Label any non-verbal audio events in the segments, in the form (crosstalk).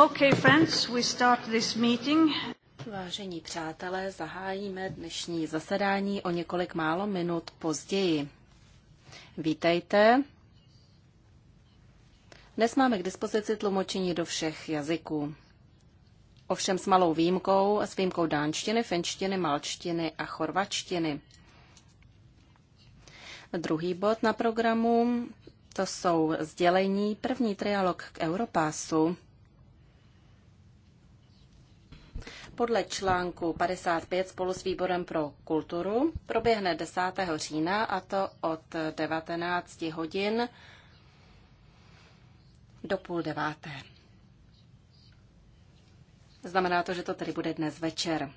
Okay, friends, we start this meeting. Vážení přátelé, zahájíme dnešní zasedání o několik málo minut později. Vítejte. Dnes máme k dispozici tlumočení do všech jazyků. Ovšem s malou výjimkou, s výjimkou dánštiny, finštiny, malčtiny a chorvačtiny. Druhý bod na programu to jsou sdělení první trialog k Europásu podle článku 55 spolu s výborem pro kulturu proběhne 10. října a to od 19 hodin do půl deváté. Znamená to, že to tedy bude dnes večer.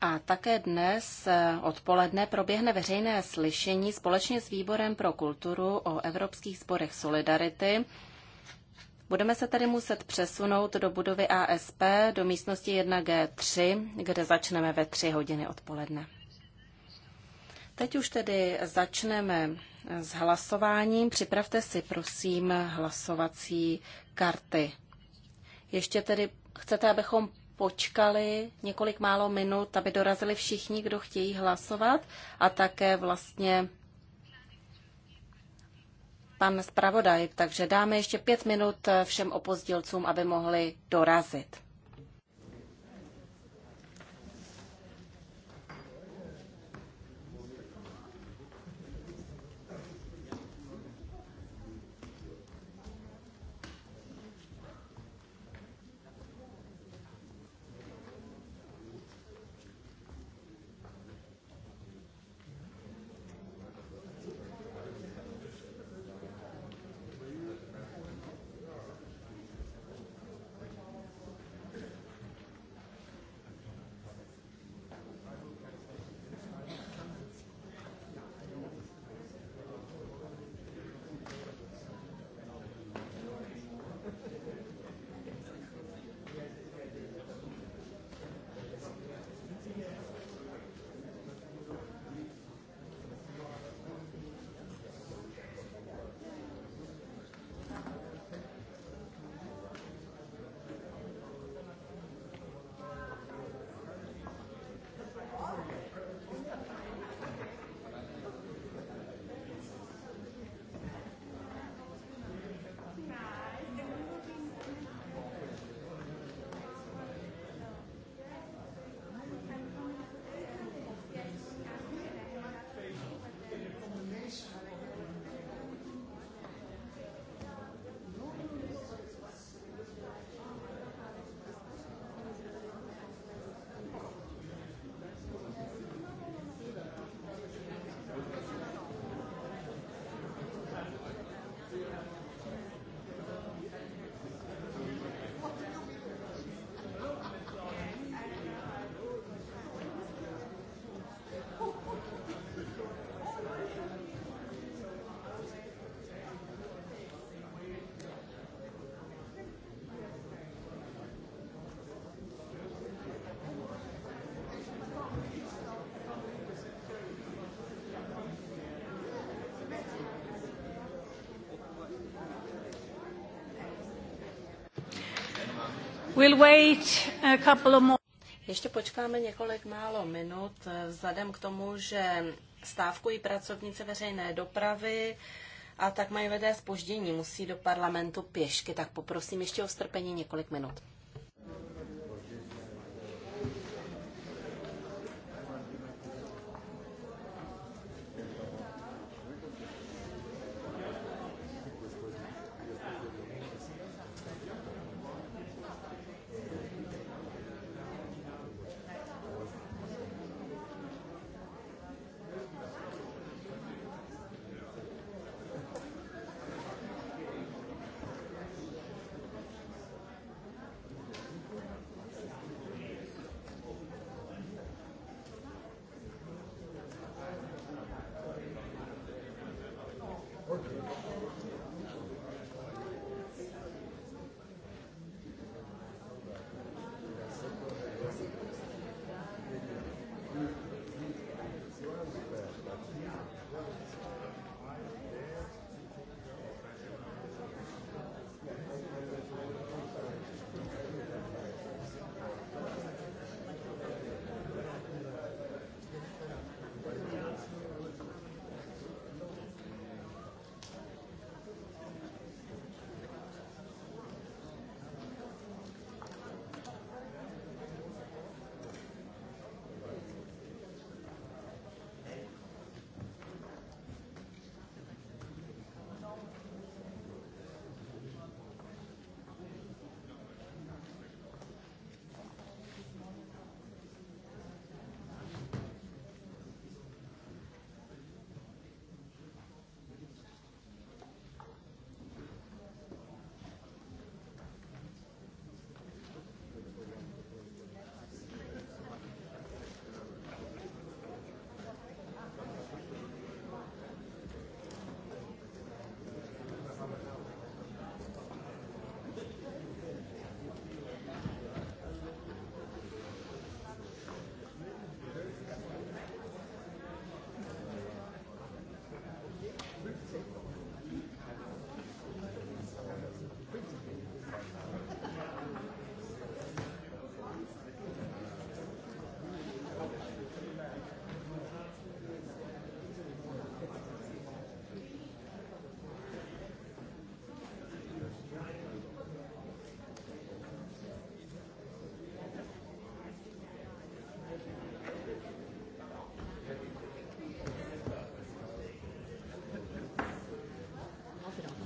A také dnes eh, odpoledne proběhne veřejné slyšení společně s Výborem pro kulturu o evropských sporech Solidarity, Budeme se tedy muset přesunout do budovy ASP do místnosti 1G3, kde začneme ve 3 hodiny odpoledne. Teď už tedy začneme s hlasováním. Připravte si, prosím, hlasovací karty. Ještě tedy chcete, abychom počkali několik málo minut, aby dorazili všichni, kdo chtějí hlasovat a také vlastně pan zpravodaj, takže dáme ještě pět minut eh, všem opozdilcům, aby mohli dorazit. We'll wait a couple of more. Ještě počkáme několik málo minut, eh, vzhledem k tomu, že stávkují pracovnice veřejné dopravy a tak mají lidé spoždění, musí do parlamentu pěšky, tak poprosím ještě o strpení několik minut.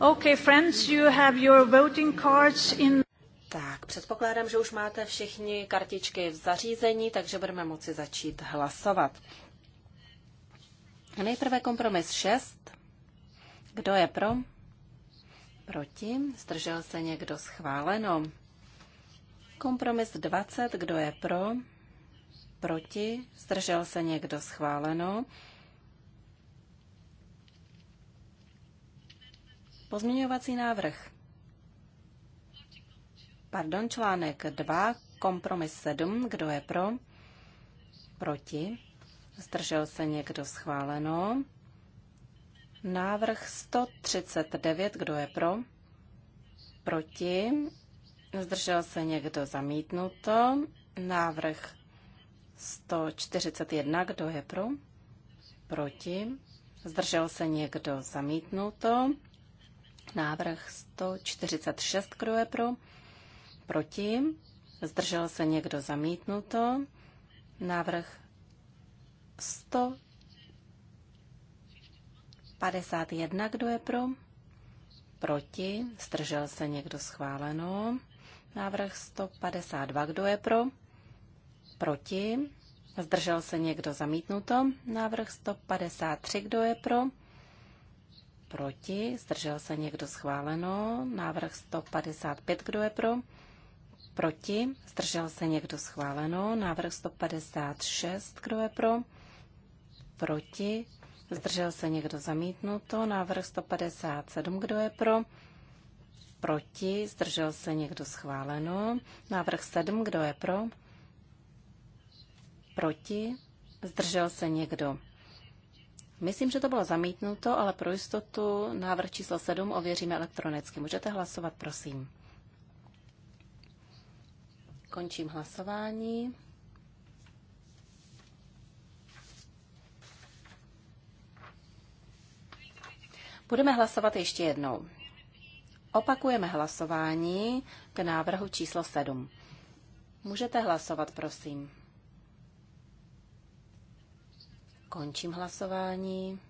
Okay, friends, you have your voting cards in... Tak, předpokládám, že už máte všichni kartičky v zařízení, takže budeme moci začít hlasovat. Nejprve kompromis 6. Kdo je pro? Proti? Zdržel se někdo schváleno? Kompromis 20. Kdo je pro? Proti? Zdržel se někdo schváleno? Pozměňovací návrh. Pardon, článek 2, kompromis 7. Kdo je pro? Proti? Zdržel se někdo schváleno? Návrh 139. Kdo je pro? Proti? Zdržel se někdo zamítnuto? Návrh 141. Kdo je pro? Proti? Zdržel se někdo zamítnuto? Návrh 146, kdo je pro? Proti? Zdržel se někdo zamítnuto? Návrh 151, kdo je pro? Proti? Zdržel se někdo schváleno? Návrh 152, kdo je pro? Proti? Zdržel se někdo zamítnuto? Návrh 153, kdo je pro? proti, zdržel se někdo schváleno, návrh 155, kdo je pro, proti, zdržel se někdo schváleno, návrh 156, kdo je pro, proti, zdržel se někdo zamítnuto, návrh 157, kdo je pro, proti, zdržel se někdo schváleno, návrh 7, kdo je pro, proti, zdržel se někdo Myslím, že to bylo zamítnuto, ale pro jistotu návrh číslo 7 ověříme elektronicky. Můžete hlasovat, prosím. Končím hlasování. Budeme hlasovat ještě jednou. Opakujeme hlasování k návrhu číslo 7. Můžete hlasovat, prosím. Končím hlasování.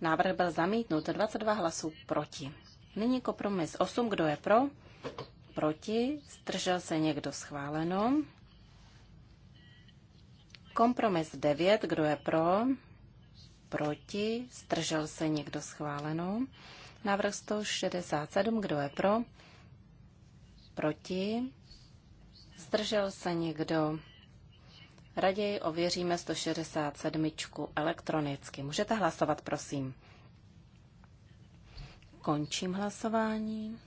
Návrh byl zamítnut 22 hlasů proti. Nyní kompromis 8, kdo je pro? Proti, zdržel se někdo schváleno. Kompromis 9, kdo je pro? Proti, zdržel se někdo schváleno. Návrh 167, kdo je pro? Proti, zdržel se někdo Raději ověříme 167 elektronicky. Můžete hlasovat, prosím. Končím hlasování.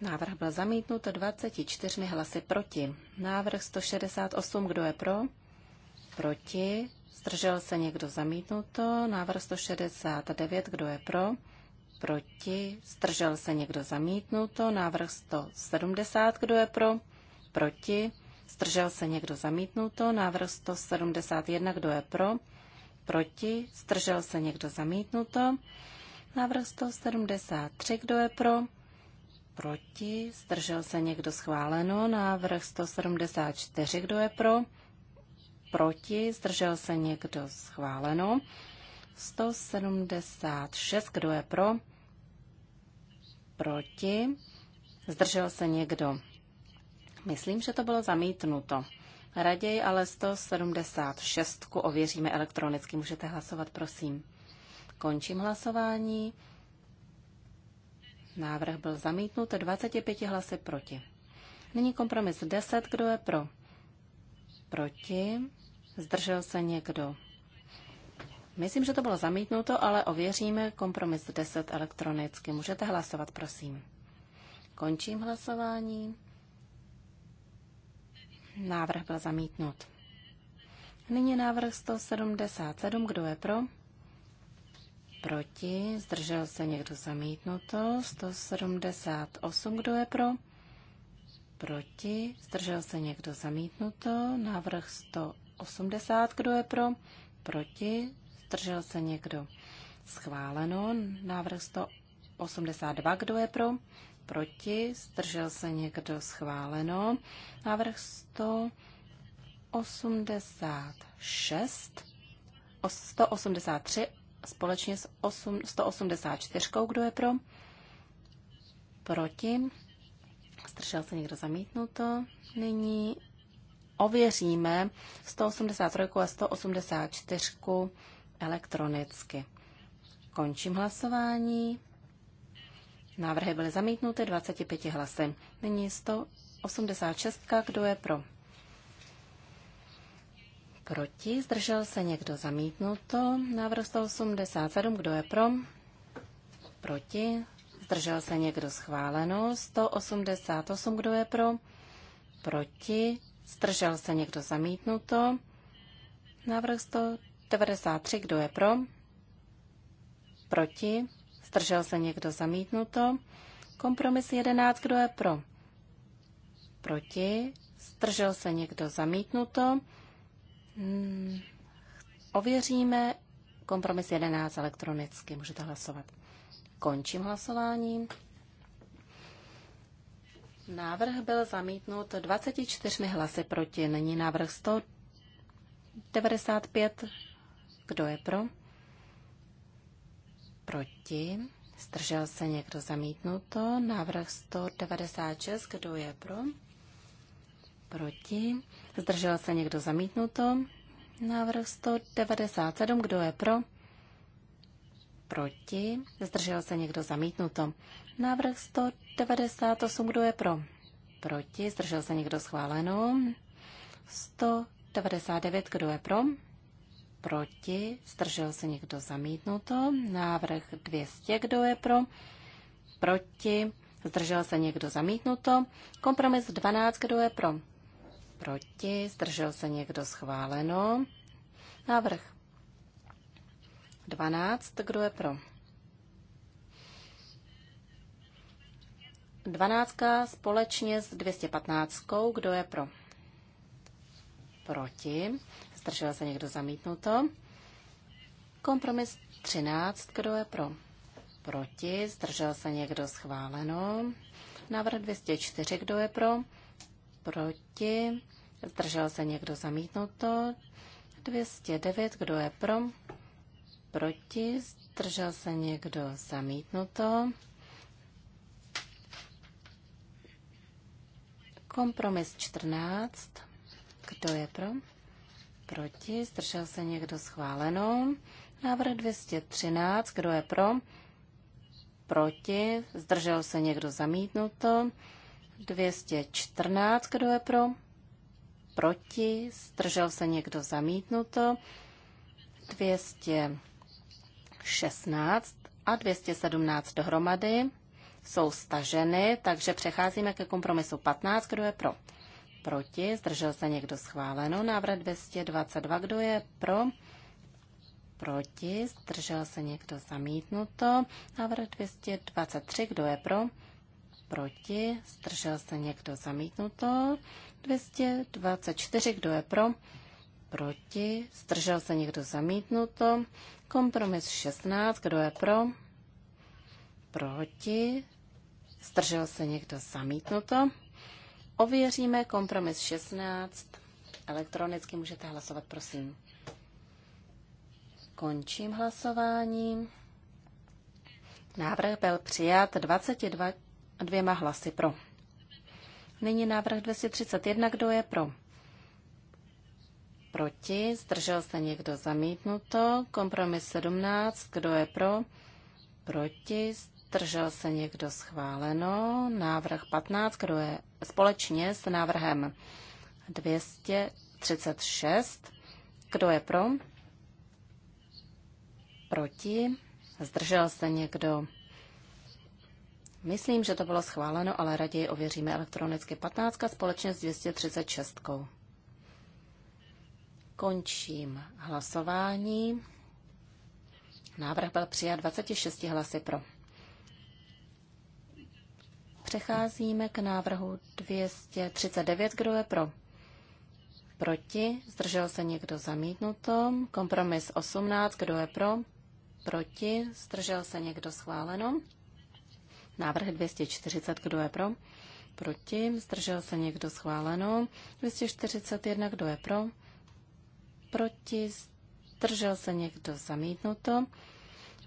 Návrh byl zamítnut 24 hlasy proti. Návrh 168, kdo je pro? Proti. Zdržel se někdo zamítnuto. Návrh 169, kdo je pro? Proti. Zdržel se někdo zamítnuto. Návrh 170, kdo je pro? Proti. Zdržel se někdo zamítnuto? Návrh 171. Kdo je pro? Proti? Zdržel se někdo zamítnuto? Návrh 173. Kdo je pro? Proti? Zdržel se někdo schváleno? Návrh 174. Kdo je pro? Proti? Zdržel se někdo schváleno? 176. Kdo je pro? Proti? Zdržel se někdo? Myslím, že to bylo zamítnuto. Raději ale 176 ověříme elektronicky. Můžete hlasovat, prosím. Končím hlasování. Návrh byl zamítnut 25 hlasy proti. Nyní kompromis 10. Kdo je pro? Proti. Zdržel se někdo? Myslím, že to bylo zamítnuto, ale ověříme kompromis 10 elektronicky. Můžete hlasovat, prosím. Končím hlasování. Návrh byl zamítnut. Nyní návrh 177. Kdo je pro? Proti. Zdržel se někdo zamítnuto. 178. Kdo je pro? Proti. Zdržel se někdo zamítnuto. Návrh 180. Kdo je pro? Proti. Zdržel se někdo schváleno. Návrh 182. Kdo je pro? proti, zdržel se někdo schváleno. Návrh 186, 183 společně s 8, 184, kdo je pro, proti, zdržel se někdo zamítnuto. Nyní ověříme 183 a 184 elektronicky. Končím hlasování. Návrhy byly zamítnuty 25 hlasy. Nyní 186. Kdo je pro? Proti? Zdržel se někdo zamítnuto? Návrh 187. Kdo je pro? Proti? Zdržel se někdo schváleno? 188. Kdo je pro? Proti? Zdržel se někdo zamítnuto? Návrh 193. Kdo je pro? Proti? Zdržel se někdo zamítnuto? Kompromis 11, kdo je pro? Proti? Zdržel se někdo zamítnuto? Hmm. Ověříme kompromis 11 elektronicky. Můžete hlasovat. Končím hlasování. Návrh byl zamítnut 24 hlasy proti. Není návrh 195. Kdo je pro? proti? Zdržel se někdo zamítnuto? Návrh 196, kdo je pro? Proti? Zdržel se někdo zamítnuto? Návrh 197, kdo je pro? Proti? Zdržel se někdo zamítnuto? Návrh 198, kdo je pro? Proti? Zdržel se někdo schváleno? 199, kdo je pro? proti, zdržel se někdo zamítnuto, návrh 200, kdo je pro, proti, zdržel se někdo zamítnuto, kompromis 12, kdo je pro, proti, zdržel se někdo schváleno, návrh 12, kdo je pro. 12 společně s 215, kdo je pro? Proti zdržel se někdo zamítnuto. Kompromis 13, kdo je pro? Proti, zdržel se někdo schváleno. Návrh 204, kdo je pro? Proti, zdržel se někdo zamítnuto. 209, kdo je pro? Proti, zdržel se někdo zamítnuto. Kompromis 14, kdo je pro? Proti? Zdržel se někdo schváleno? Návrh 213. Kdo je pro? Proti? Zdržel se někdo zamítnuto? 214. Kdo je pro? Proti? Zdržel se někdo zamítnuto? 216 a 217 dohromady jsou staženy, takže přecházíme ke kompromisu 15. Kdo je pro? proti, zdržel se někdo schváleno. Návrh 222, kdo je pro, proti, zdržel se někdo zamítnuto. Návrh 223, kdo je pro, proti, zdržel se někdo zamítnuto. 224, kdo je pro, proti, zdržel se někdo zamítnuto. Kompromis 16, kdo je pro, proti, zdržel se někdo zamítnuto. Ověříme kompromis 16. Elektronicky můžete hlasovat, prosím. Končím hlasování. Návrh byl přijat 22 dvěma hlasy pro. Nyní návrh 231. Kdo je pro? Proti. Zdržel se někdo zamítnuto. Kompromis 17. Kdo je pro? Proti. Zdržel se někdo schváleno. Návrh 15. Kdo je společně s návrhem 236. Kdo je pro? Proti? Zdržel se někdo? Myslím, že to bylo schváleno, ale raději ověříme elektronicky 15 společně s 236. Končím hlasování. Návrh byl přijat 26 hlasy pro. Přecházíme k návrhu 239. Kdo je pro? Proti? Zdržel se někdo zamítnuto? Kompromis 18. Kdo je pro? Proti? Zdržel se někdo schváleno? Návrh 240. Kdo je pro? Proti? Zdržel se někdo schváleno? 241. Kdo je pro? Proti? Zdržel se někdo zamítnuto?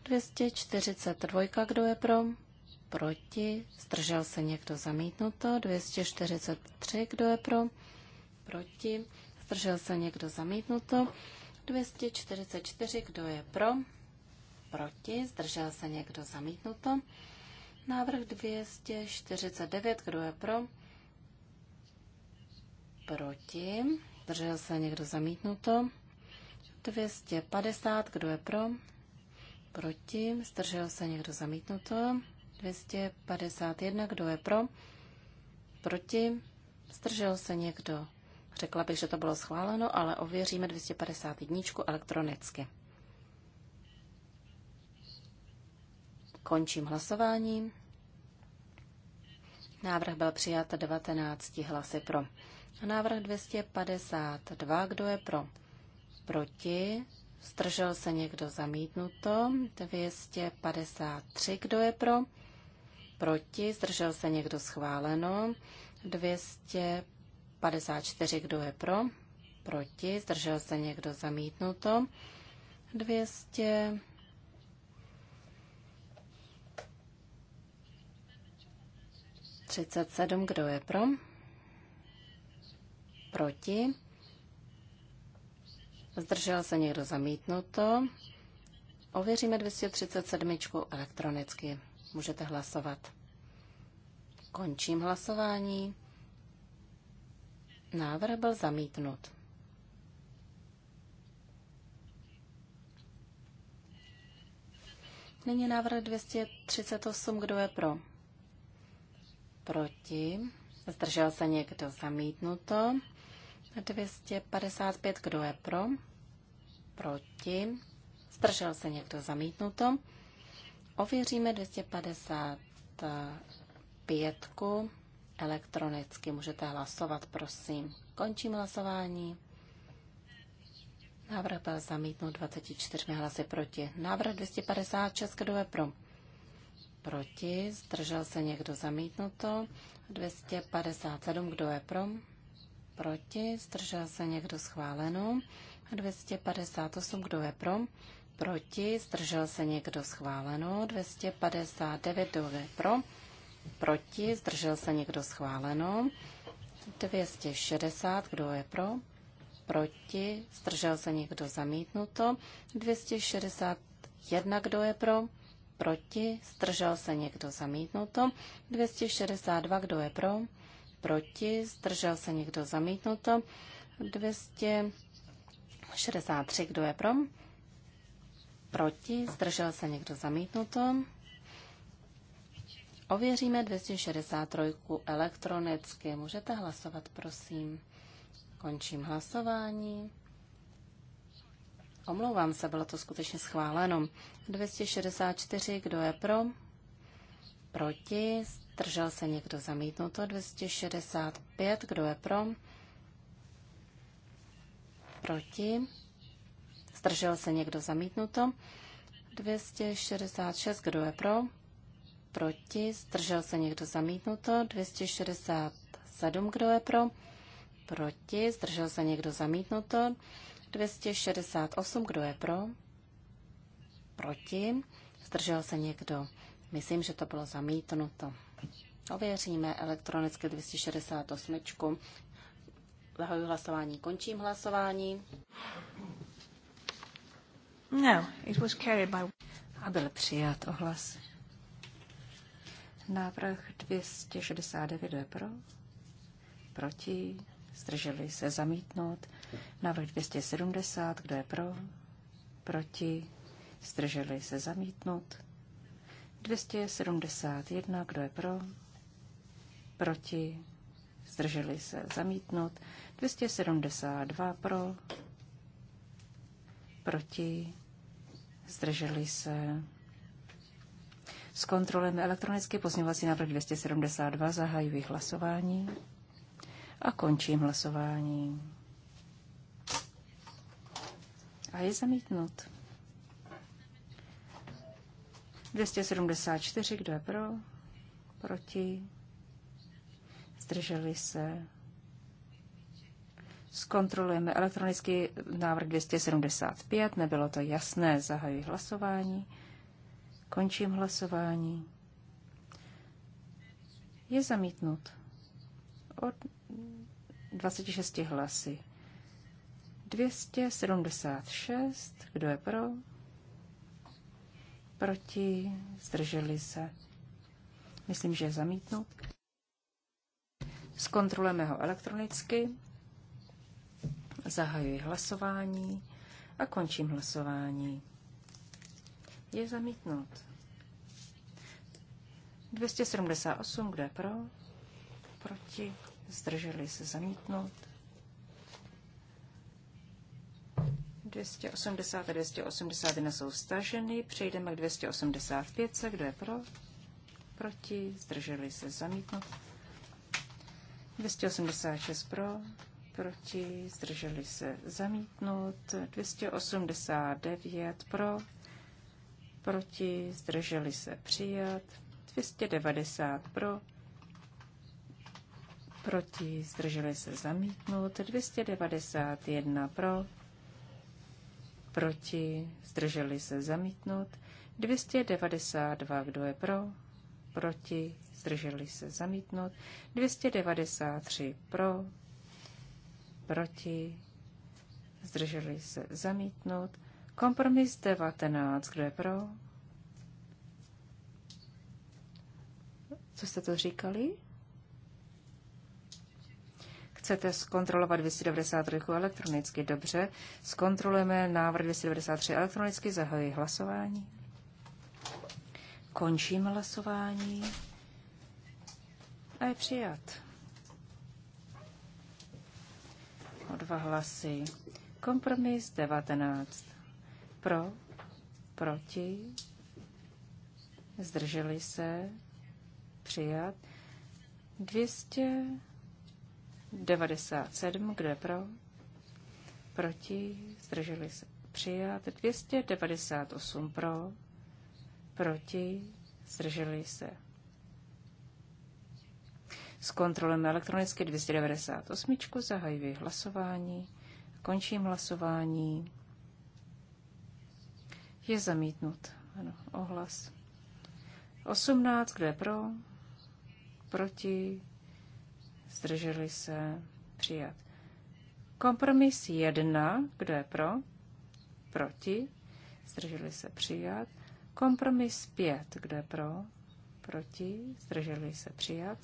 242. Kdo je pro? proti, zdržel se někdo zamítnuto, 243, kdo je pro, proti, zdržel se někdo zamítnuto, 244, kdo je pro, proti, zdržel se někdo zamítnuto, návrh 249, kdo je pro, proti, zdržel se někdo zamítnuto, 250, kdo je pro, proti, zdržel se někdo zamítnuto, 251, kdo je pro? Proti? Zdržel se někdo? Řekla bych, že to bylo schváleno, ale ověříme 251 elektronicky. Končím hlasování. Návrh byl přijat 19 hlasy pro. A návrh 252, kdo je pro? Proti? Zdržel se někdo zamítnuto? 253, kdo je pro? proti, zdržel se někdo schváleno, 254, kdo je pro, proti, zdržel se někdo zamítnuto, 200, Třicet sedm, kdo je pro? Proti? Zdržel se někdo zamítnuto? Ověříme 237 elektronicky. Můžete hlasovat. Končím hlasování. Návrh byl zamítnut. Nyní návrh 238. Kdo je pro? Proti. Zdržel se někdo zamítnuto. 255. Kdo je pro? Proti. Zdržel se někdo zamítnuto. Ověříme 255 elektronicky. Můžete hlasovat, prosím. Končím hlasování. Návrh byl zamítnut 24 hlasy proti. Návrh 256, kdo je pro? Proti. Zdržel se někdo zamítnuto. 257, kdo je pro? Proti. Zdržel se někdo schváleno. 258, kdo je pro? proti, zdržel se někdo schváleno, 259 dove pro, proti, zdržel se někdo schváleno, 260, kdo je pro, proti, zdržel se někdo zamítnuto, 261, kdo je pro, proti, zdržel se někdo zamítnuto, 262, kdo je pro, proti, zdržel se někdo zamítnuto, 263, kdo je pro, proti, zdržel se někdo zamítnuto. Ověříme 263 elektronicky. Můžete hlasovat, prosím. Končím hlasování. Omlouvám se, bylo to skutečně schváleno. 264, kdo je pro? Proti. Zdržel se někdo zamítnuto. 265, kdo je pro? Proti. Zdržel se někdo zamítnuto? 266. Kdo je pro? Proti. Zdržel se někdo zamítnuto? 267. Kdo je pro? Proti. Zdržel se někdo zamítnuto? 268. Kdo je pro? Proti. Zdržel se někdo? Myslím, že to bylo zamítnuto. Ověříme elektronicky 268. Zahajuji hlasování, končím hlasování. No, it was carried by... A byl přijat ohlas. Návrh 269 je pro, proti, zdrželi se zamítnout. Návrh 270, kdo je pro, proti, zdrželi se zamítnout. 271, kdo je pro, proti, zdrželi se zamítnout. 272 pro, proti, zdrželi se. Zkontrolujeme elektronicky pozměňovací návrh 272, zahajuji hlasování a končím hlasování. A je zamítnut. 274, kdo je pro? Proti? Zdrželi se? Zkontrolujeme elektronicky návrh 275, nebylo to jasné, zahajuji hlasování, končím hlasování. Je zamítnut od 26 hlasy. 276, kdo je pro? Proti, zdrželi se. Myslím, že je zamítnut. Zkontrolujeme ho elektronicky. Zahajuji hlasování a končím hlasování. Je zamítnut. 278, kdo je pro? Proti? Zdrželi se zamítnout. 280 a 281 jsou staženy. Přejdeme k 285. Kdo je pro? Proti? Zdrželi se zamítnout. 286 pro? proti, zdrželi se zamítnout, 289 pro, proti, zdrželi se přijat, 290 pro, proti, zdrželi se zamítnout, 291 pro, proti, zdrželi se zamítnout, 292, kdo je pro, proti, zdrželi se zamítnout, 293 pro, proti, zdrželi se zamítnout. Kompromis 19, kdo je pro? Co jste to říkali? Chcete zkontrolovat 293 elektronicky? Dobře. Zkontrolujeme návrh 293 elektronicky. Zahajuji hlasování. Končím hlasování. A je přijat. o dva hlasy. Kompromis 19. Pro, proti, zdrželi se, přijat. 297, je pro, proti, zdrželi se, přijat. 298 pro, proti, zdrželi se, Zkontrolujeme elektronicky 298. Zahajuji hlasování. Končím hlasování. Je zamítnut. Ano, ohlas. 18, kdo je pro? Proti? Zdrželi se? Přijat. Kompromis 1, kdo je pro? Proti? Zdrželi se? Přijat. Kompromis 5, kdo je pro? Proti? Zdrželi se? Přijat.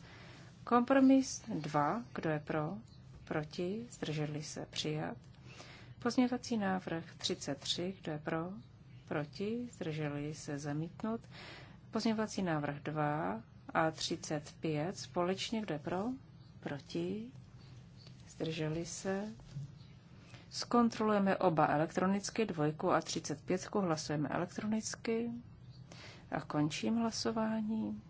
Kompromis 2. Kdo je pro? Proti? Zdrželi se? Přijat. Pozměňovací návrh 33. Kdo je pro? Proti? Zdrželi se? Zamítnut. Pozměňovací návrh 2 a 35. Společně kdo je pro? Proti? Zdrželi se? Zkontrolujeme oba elektronicky, dvojku a 35. Hlasujeme elektronicky a končím hlasování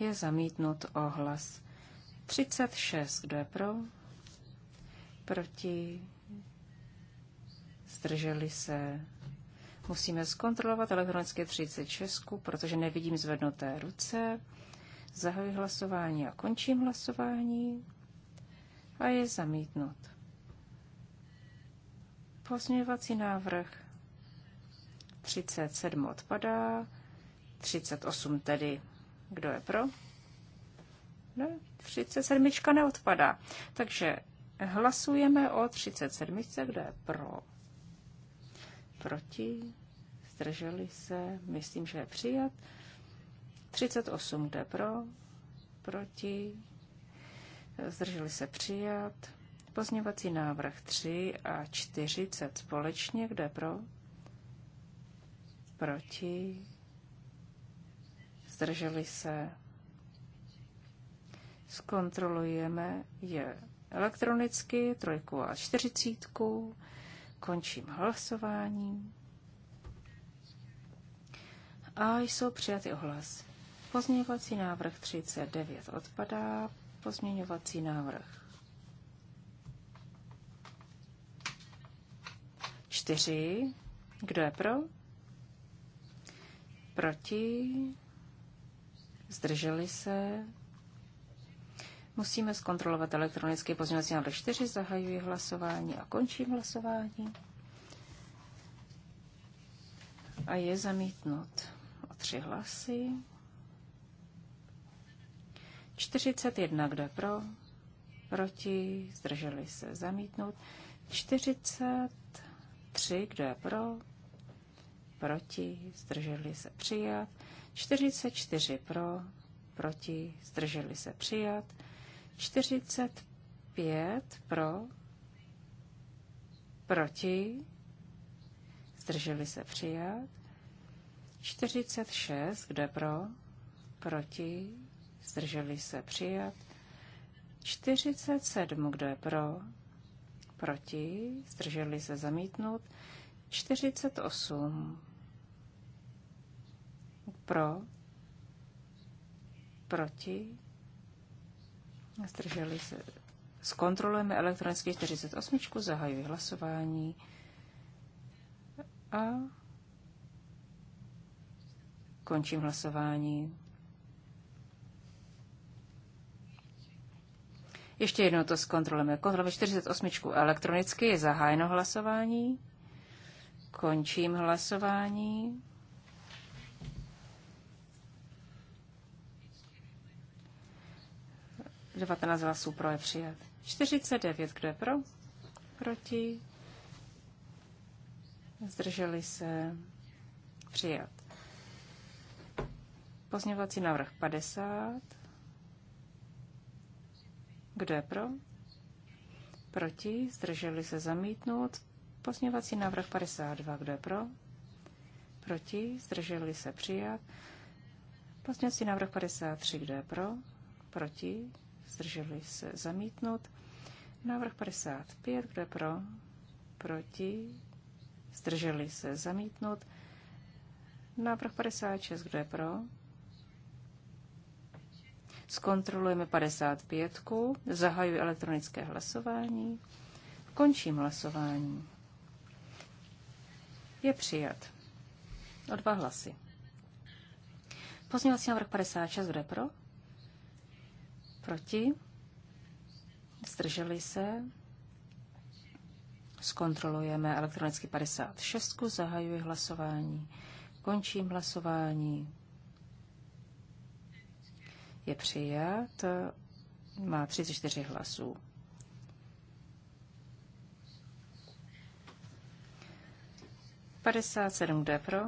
je zamítnut ohlas. 36. Kdo je pro? Proti? Zdrželi se? Musíme zkontrolovat elektronické 36, protože nevidím zvednuté ruce. Zahajuji hlasování a končím hlasování. A je zamítnut. Pozměňovací návrh 37 odpadá, 38 tedy kdo je pro? Ne, 37 neodpadá. Takže hlasujeme o 37. Kdo je pro? Proti? Zdrželi se? Myslím, že je přijat. 38 je pro, proti, zdrželi se přijat. Pozněvací návrh 3 a 40 společně, kde pro, proti, zdrželi se. Zkontrolujeme je elektronicky, trojku a čtyřicítku. Končím hlasování. A jsou přijaty ohlas. Pozměňovací návrh 39 odpadá. Pozměňovací návrh 4. Kdo je pro? Proti? zdrželi se. Musíme zkontrolovat elektronický pozměňovací návrh 4, zahajuji hlasování a končím hlasování. A je zamítnut o tři hlasy. 41, kdo je pro, proti, zdrželi se, Zamítnut 43, kdo je pro, proti, zdrželi se přijat. 44 pro, proti, zdrželi se přijat. 45 pro, proti, zdrželi se přijat. 46, kde pro, proti, zdrželi se přijat. 47, kdo je pro, proti, zdrželi se zamítnout. 48 pro. Proti. Zdrželi se. Zkontrolujeme elektronicky 48. Zahajuji hlasování. A končím hlasování. Ještě jednou to zkontrolujeme. Kontrolujeme 48 elektronicky, je zahájeno hlasování. Končím hlasování. 19 hlasů pro je přijat. 49, kdo je pro? Proti? Zdrželi se? Přijat. Pozměňovací návrh 50. Kdo je pro? Proti? Zdrželi se zamítnout. Pozměňovací návrh 52. Kdo je pro? Proti? Zdrželi se přijat. Pozměňovací návrh 53. Kdo je pro? Proti? zdrželi se zamítnout. Návrh 55, kdo je pro, proti, zdrželi se zamítnout. Návrh 56, kdo je pro, Zkontrolujeme 55. Zahajuji elektronické hlasování. Končím hlasování. Je přijat. O dva hlasy. Pozměňovací návrh 56 kdo je pro. Proti? Zdrželi se? Zkontrolujeme elektronicky 56. Zahajuji hlasování. Končím hlasování. Je přijat. Má 34 hlasů. Padesát sedm pro,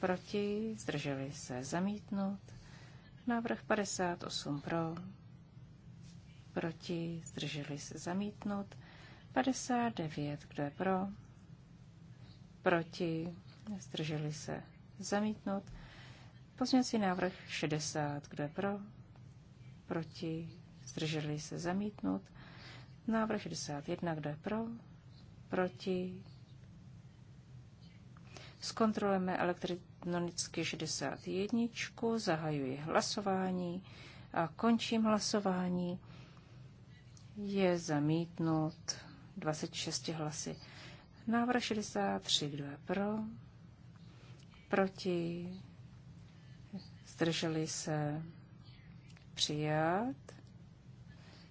proti, zdrželi se zamítnout. Návrh 58 pro, proti, zdrželi se zamítnout. 59, kdo je pro, proti, zdrželi se zamítnout. Pozměňovací návrh 60, kdo je pro, proti, zdrželi se zamítnout. Návrh 61, kdo je pro, proti. Zkontrolujeme elektri- elektronicky 61. Zahajuji hlasování a končím hlasování. Je zamítnut 26 hlasy. Návrh 63, kdo je pro? Proti? Zdrželi se? Přijat?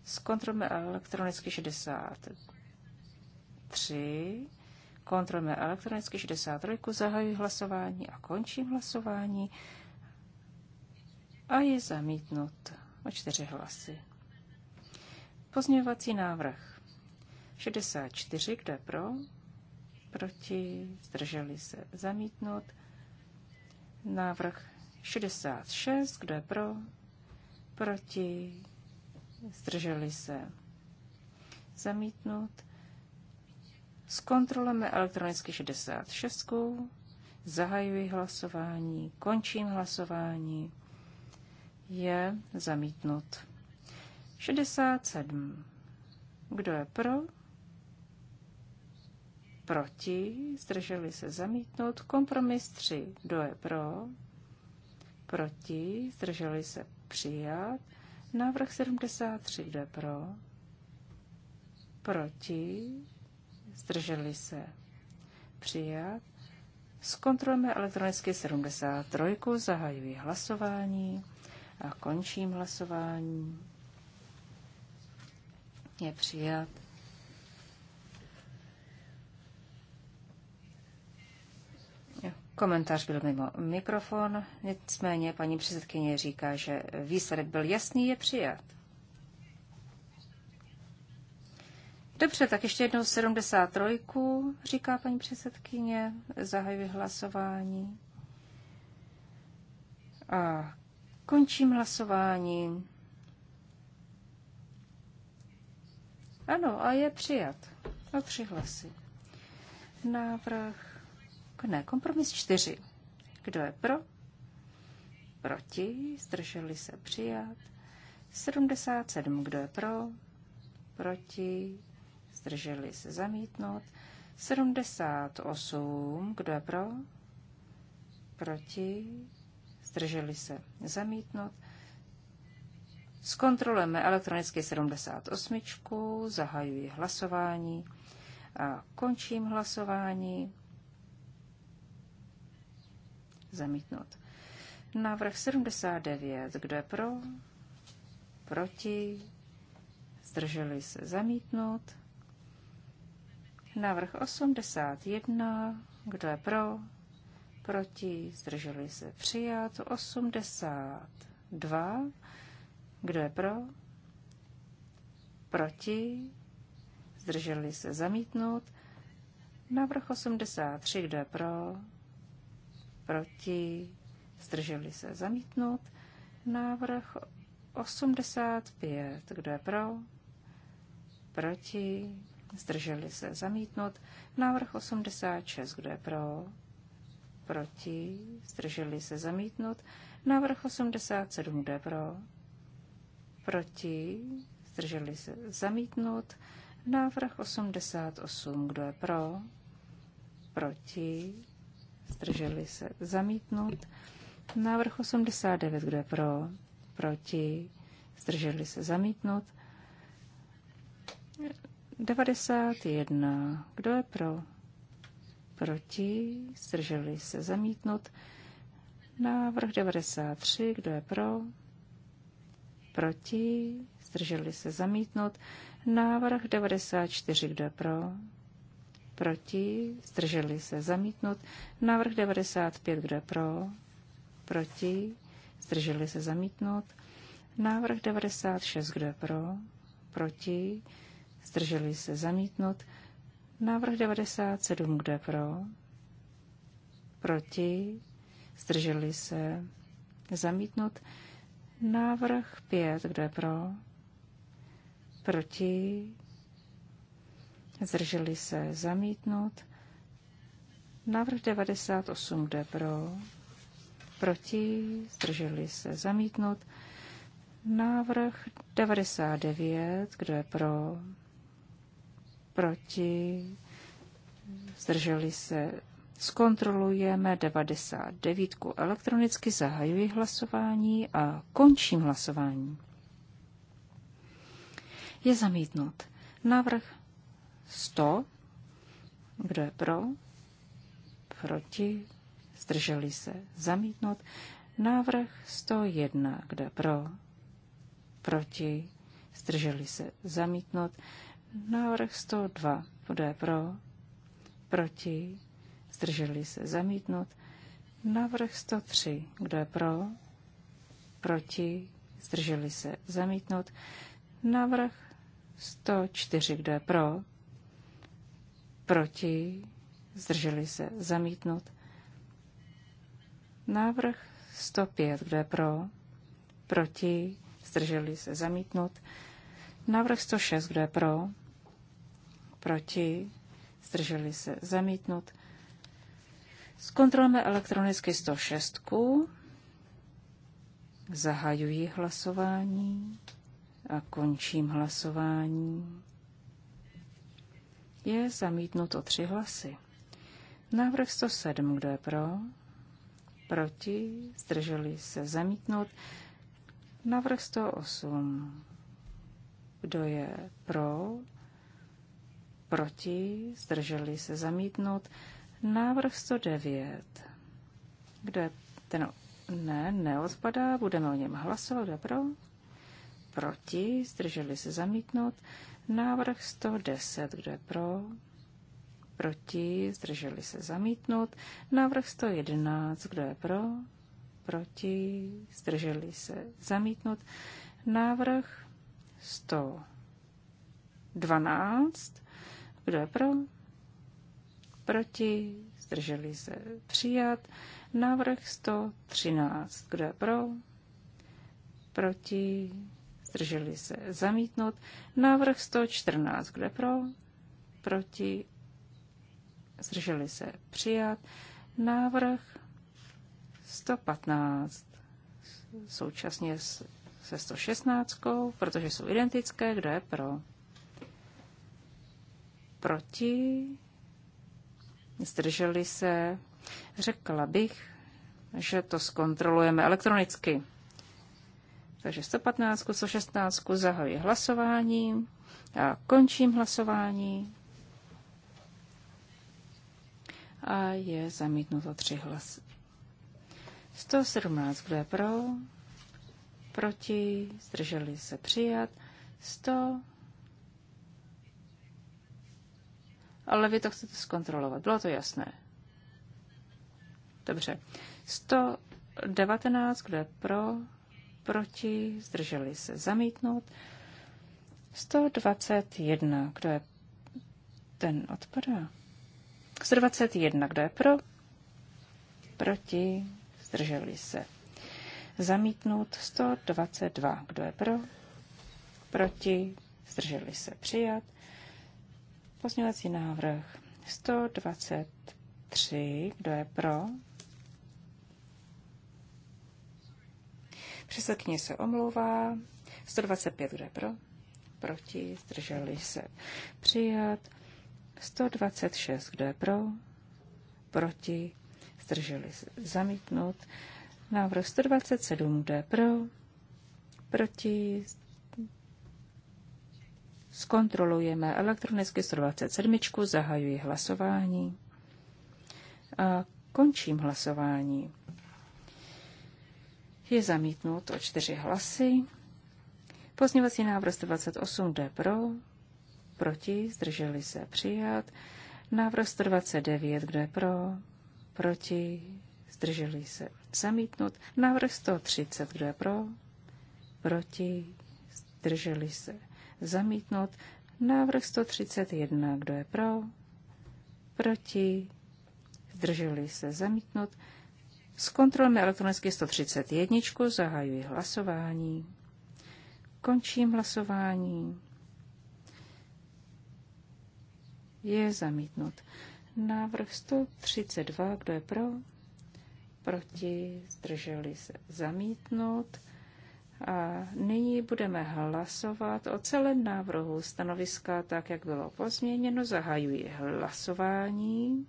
Zkontrolujeme elektronicky 63. Kontrolujeme elektronicky 63, zahajuji hlasování a končím hlasování. A je zamítnut o čtyři hlasy. Pozměňovací návrh 64, kdo je pro? Proti, zdrželi se zamítnout. Návrh 66, kdo je pro? Proti, zdrželi se zamítnout. Zkontrolujeme elektronicky 66. Zahajuji hlasování, končím hlasování. Je zamítnut. 67. Kdo je pro? Proti? Zdrželi se zamítnout. Kompromis 3. Kdo je pro? Proti? Zdrželi se přijat. Návrh 73. Kdo je pro? Proti? zdrželi se přijat. Zkontrolujeme elektronicky 73, zahajuji hlasování a končím hlasování. Je přijat. Komentář byl mimo mikrofon, nicméně paní předsedkyně říká, že výsledek byl jasný, je přijat. Dobře, tak ještě jednou 73, říká paní předsedkyně, zahajuji hlasování. A končím hlasování. Ano, a je přijat. O tři hlasy. Návrh, ne, kompromis čtyři. Kdo je pro? Proti, zdrželi se přijat. 77, kdo je pro? Proti, zdrželi se zamítnout. 78, kdo je pro, proti, zdrželi se zamítnout. Zkontrolujeme elektronicky 78, zahajuji hlasování a končím hlasování. Zamítnout. Návrh 79, kdo je pro, proti, zdrželi se zamítnout. Návrh 81. Kdo je pro? Proti? Zdrželi se přijat. 82. Kdo je pro? Proti? Zdrželi se zamítnout. Návrh 83. Kdo je pro? Proti? Zdrželi se zamítnout. Návrh 85. Kdo je pro? Proti? Zdrželi se zamítnout. Návrh 86, kdo je pro? Proti. Zdrželi se zamítnout. Návrh 87, kdo je pro? Proti. Zdrželi se zamítnout. Návrh 88, kdo je pro? Proti. Zdrželi se zamítnout. Návrh 89, kdo je pro? Proti. Zdrželi se zamítnout. 91. Kdo je pro? Proti? Zdrželi se zamítnout. Návrh 93. Kdo je pro? Proti? Zdrželi se zamítnout. Návrh 94. Kdo je pro? Proti? Zdrželi se zamítnout. Návrh 95. Kdo je pro? Proti? Zdrželi se zamítnout. Návrh 96. Kdo je pro? Proti? zdrželi se zamítnut. Návrh 97, kde pro, proti, zdrželi se zamítnut. Návrh 5, kde pro, proti, zdrželi se zamítnout. Návrh 98, kde pro, proti, zdrželi se zamítnout. Návrh 99, kdo je pro, proti, zdrželi se, zkontrolujeme 99. Elektronicky zahajuji hlasování a končím hlasování. Je zamítnut. Návrh 100. Kdo je pro? Proti? Zdrželi se. Zamítnut. Návrh 101. Kdo je pro? Proti? Zdrželi se. Zamítnut. Návrh 102. Kdo je pro? Proti? Zdrželi se zamítnut. Návrh 103. Kdo je pro? Proti? Zdrželi se zamítnut. Návrh 104. Kdo je pro? Proti? Zdrželi se zamítnut. Návrh 105. Kdo je pro? Proti? Zdrželi se zamítnut. Návrh 106. Kdo je pro? proti, zdrželi se zamítnout. Zkontrolujeme elektronicky 106. Zahajuji hlasování a končím hlasování. Je zamítnuto tři hlasy. Návrh 107, kdo je pro? Proti, zdrželi se zamítnout. Návrh 108, kdo je pro? proti, zdrželi se zamítnout. Návrh 109, kde ten ne, neodpadá, budeme o něm hlasovat, kdo pro, proti, zdrželi se zamítnout. Návrh 110, kdo je pro, proti, zdrželi se zamítnout. Návrh 111, kdo je pro, proti, zdrželi se zamítnout. Návrh 112, kdo je pro? Proti? Zdrželi se přijat. Návrh 113. Kdo je pro? Proti? Zdrželi se zamítnout. Návrh 114. Kdo je pro? Proti? Zdrželi se přijat. Návrh 115. Současně se 116, protože jsou identické. Kdo je pro? proti, zdrželi se. Řekla bych, že to zkontrolujeme elektronicky. Takže 115, 116 zahajuji hlasování a končím hlasování. A je zamítnuto tři hlasy. 117, kdo je pro? Proti? Zdrželi se přijat. 100. ale vy to chcete zkontrolovat. Bylo to jasné. Dobře. 119, kdo je pro, proti, zdrželi se zamítnout. 121, kdo je ten odpadá. 121, kdo je pro, proti, zdrželi se. Zamítnout 122, kdo je pro, proti, zdrželi se přijat. Pozměňovací návrh 123. Kdo je pro? Předsedkyně se omlouvá. 125. Kdo je pro? Proti. Zdrželi se. Přijat. 126. Kdo je pro? Proti. Zdrželi se. Zamítnut. Návrh 127. Kdo je pro? Proti. Zkontrolujeme elektronicky 127, zahajuji hlasování a končím hlasování. Je zamítnut o čtyři hlasy. Pozněvací návrh 128 jde pro, proti, zdrželi se přijat. Návrh 129, kde pro, proti, zdrželi se zamítnut. Návrh 130, kde pro, proti, zdrželi se zamítnut. Návrh 131, kdo je pro, proti, zdrželi se zamítnut. Zkontrolujeme elektronicky 131, zahajuji hlasování. Končím hlasování. Je zamítnut. Návrh 132, kdo je pro? Proti, zdrželi se zamítnout. A nyní budeme hlasovat o celém návrhu stanoviska, tak jak bylo pozměněno. Zahajuji hlasování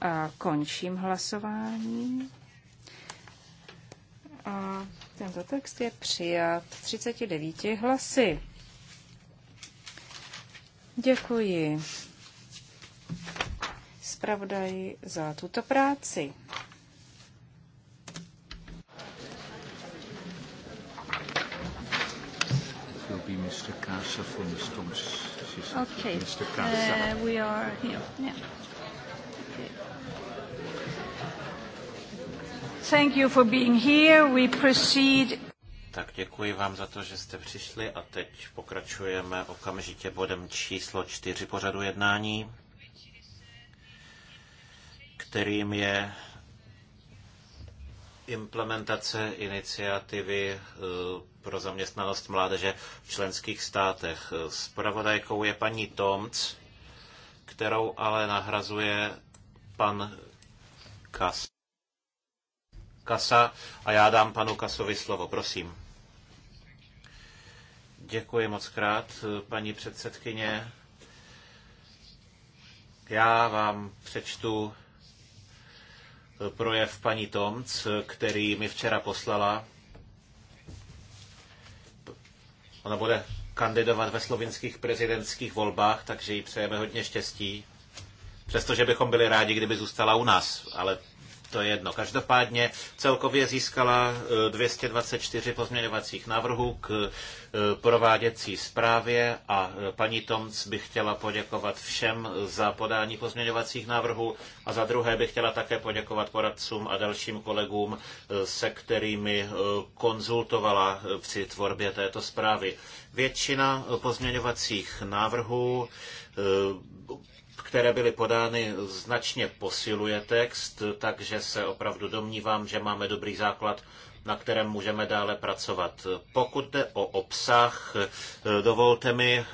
a končím hlasování. A tento text je přijat 39 hlasy. Děkuji zpravodaji za tuto práci. Mr. okay. Mr. Uh, we are here. Yeah. Thank you for being here. We proceed. Tak děkuji vám za to, že jste přišli a teď pokračujeme okamžitě bodem číslo čtyři pořadu jednání, kterým je implementace iniciativy eh, pro zaměstnanost mládeže v členských státech. Spravodajkou je paní Tomc, kterou ale nahrazuje pan Kas. Kasa a já dám panu Kasovi slovo, prosím. Děkuji moc krát, paní předsedkyně. Já vám přečtu projev paní Tomc, který mi včera poslala Ona bude kandidovat ve slovinských prezidentských volbách, takže jí přejeme hodně štěstí. Přestože bychom byli rádi, kdyby zůstala u nás, ale to je jedno. Každopádně celkově získala 224 eh, pozměňovacích návrhů k eh, prováděcí zprávě a eh, paní Tomc by chtěla poděkovat všem za podání pozměňovacích návrhů a za druhé bych chtěla také poděkovat poradcům a dalším kolegům, se kterými konzultovala při tvorbě této zprávy. Většina pozměňovacích návrhů které byly podány, značně posiluje text, takže se opravdu domnívám, že máme dobrý základ na kterém můžeme dále pracovat. Pokud jde o obsah, dovolte mi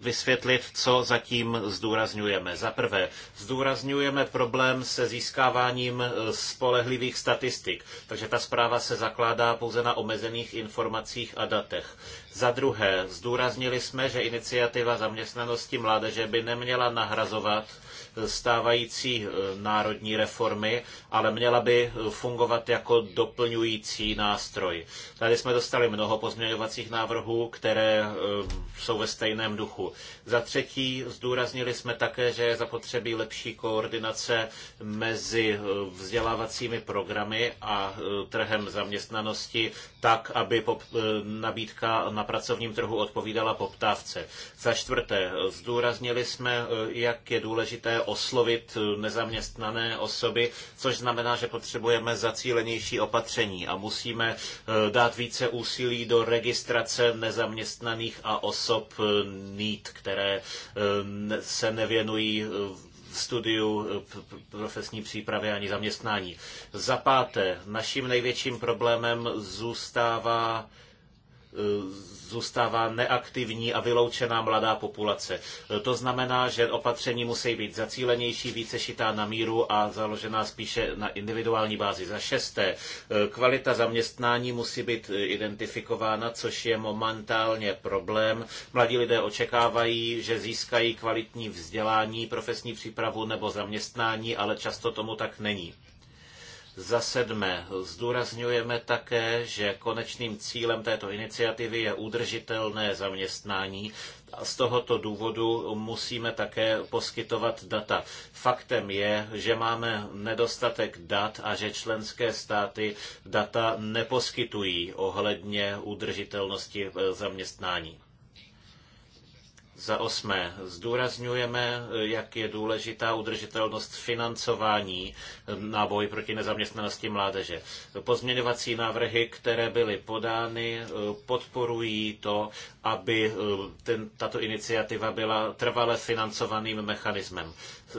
vysvětlit, co zatím zdůrazňujeme. Za prvé, zdůrazňujeme problém se získáváním eh, spolehlivých statistik, takže ta zpráva se zakládá pouze na omezených informacích a datech. Za druhé, zdůraznili jsme, že iniciativa zaměstnanosti mládeže by neměla nahrazovat stávající eh, národní reformy, ale měla by eh, fungovat jako doplňující nástroj. Tady jsme dostali mnoho pozměňovacích návrhů, které eh, jsou ve stejném duchu. Za třetí zdůraznili jsme také, že je zapotřebí lepší koordinace mezi vzdělávacími programy a trhem zaměstnanosti, tak, aby nabídka na pracovním trhu odpovídala poptávce. Za čtvrté, zdůraznili jsme, jak je důležité oslovit eh, nezaměstnané osoby, což znamená, že potřebujeme zacílenější opatření a musíme eh, dát více úsilí do registrace nezaměstnaných a osob eh, NEET, které se nevěnují studiu, profesní přípravě ani zaměstnání. Za páté, naším největším problémem zůstává zůstává neaktivní a vyloučená mladá populace. To znamená, že opatření musí být zacílenější, více šitá na míru a založená spíše na individuální bázi. Za šesté, kvalita zaměstnání musí být identifikována, což je momentálně problém. Mladí lidé očekávají, že získají kvalitní vzdělání, profesní přípravu nebo zaměstnání, ale často tomu tak není. Za sedmé, zdůrazňujeme také, že konečným cílem této iniciativy je udržitelné zaměstnání. A z tohoto důvodu musíme také poskytovat data. Faktem je, že máme nedostatek dat a že členské státy data neposkytují ohledně udržitelnosti eh, zaměstnání. Za osmé, zdůrazňujeme, jak je důležitá udržitelnost financování na boj proti nezaměstnanosti mládeže. Pozměňovací návrhy, které byly podány, e, podporují to, aby e, ten, tato iniciativa byla trvale financovaným mechanismem. E,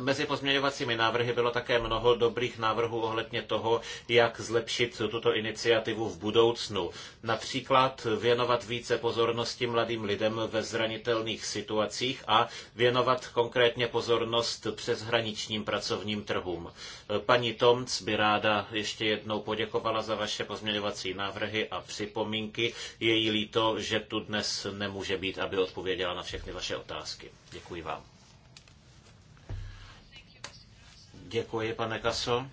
mezi pozměňovacími návrhy bylo také mnoho dobrých návrhů ohledně toho, jak zlepšit tuto iniciativu v budoucnu. Například věnovat více pozornosti mladým lidem ve zranitelných situacích a věnovat konkrétně pozornost přeshraničním pracovním trhům návrhům. Eh, paní Tomc by ráda ještě jednou poděkovala za vaše pozměňovací návrhy a připomínky. Je jí líto, že tu dnes nemůže být, aby odpověděla na všechny vaše otázky. Děkuji vám. Děkuji, pane Kaso.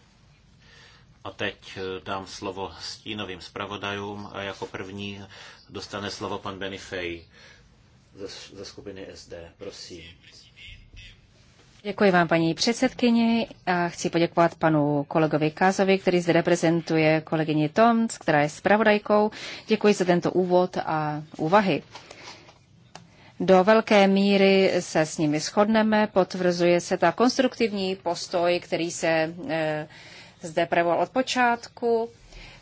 A teď eh, dám slovo stínovým zpravodajům a jako první dostane slovo pan Benifej ze, ze skupiny SD. Prosím. Děkuji vám, paní předsedkyni, a chci poděkovat panu kolegovi Kázovi, který zde reprezentuje kolegyni Tomc, která je zpravodajkou. Děkuji za tento úvod a úvahy. Do velké míry se s nimi shodneme, potvrzuje se ta konstruktivní postoj, který se e, zde prevoval od počátku.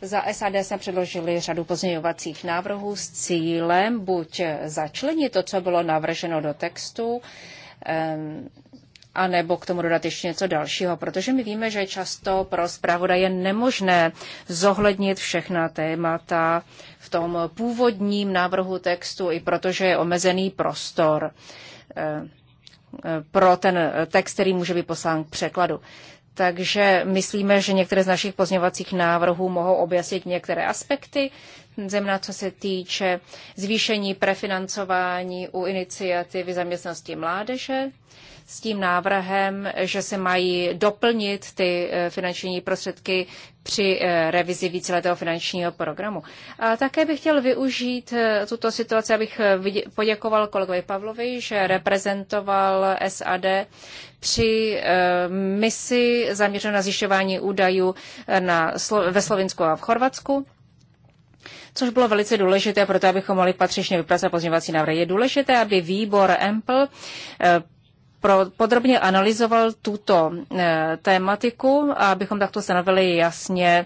Za SAD jsme předložili řadu pozměňovacích návrhů s cílem buď začlenit to, co bylo navrženo do textu, e, a nebo k tomu dodat ještě něco dalšího, protože my víme, že často pro zpravodaje je nemožné zohlednit všechna témata v tom původním návrhu textu, i protože je omezený prostor eh, pro ten text, který může být poslán k překladu. Takže myslíme, že některé z našich pozněvacích návrhů mohou objasnit některé aspekty, zejména co se týče zvýšení prefinancování u iniciativy zaměstnanosti mládeže, s tím návrhem, že se mají doplnit ty eh, finanční prostředky při eh, revizi víceletého finančního programu. A také bych chtěl využít eh, tuto situaci, abych poděkoval kolegovi Pavlovi, že reprezentoval SAD při misi zaměřené na zjišťování údajů na, ve Slovensku a v Chorvatsku což bylo velice důležité, proto abychom mohli patřičně vypracovat pozměňovací návrhy. Je důležité, aby výbor EMPL pro, podrobně analyzoval tuto e, tématiku, abychom takto stanovili jasně e,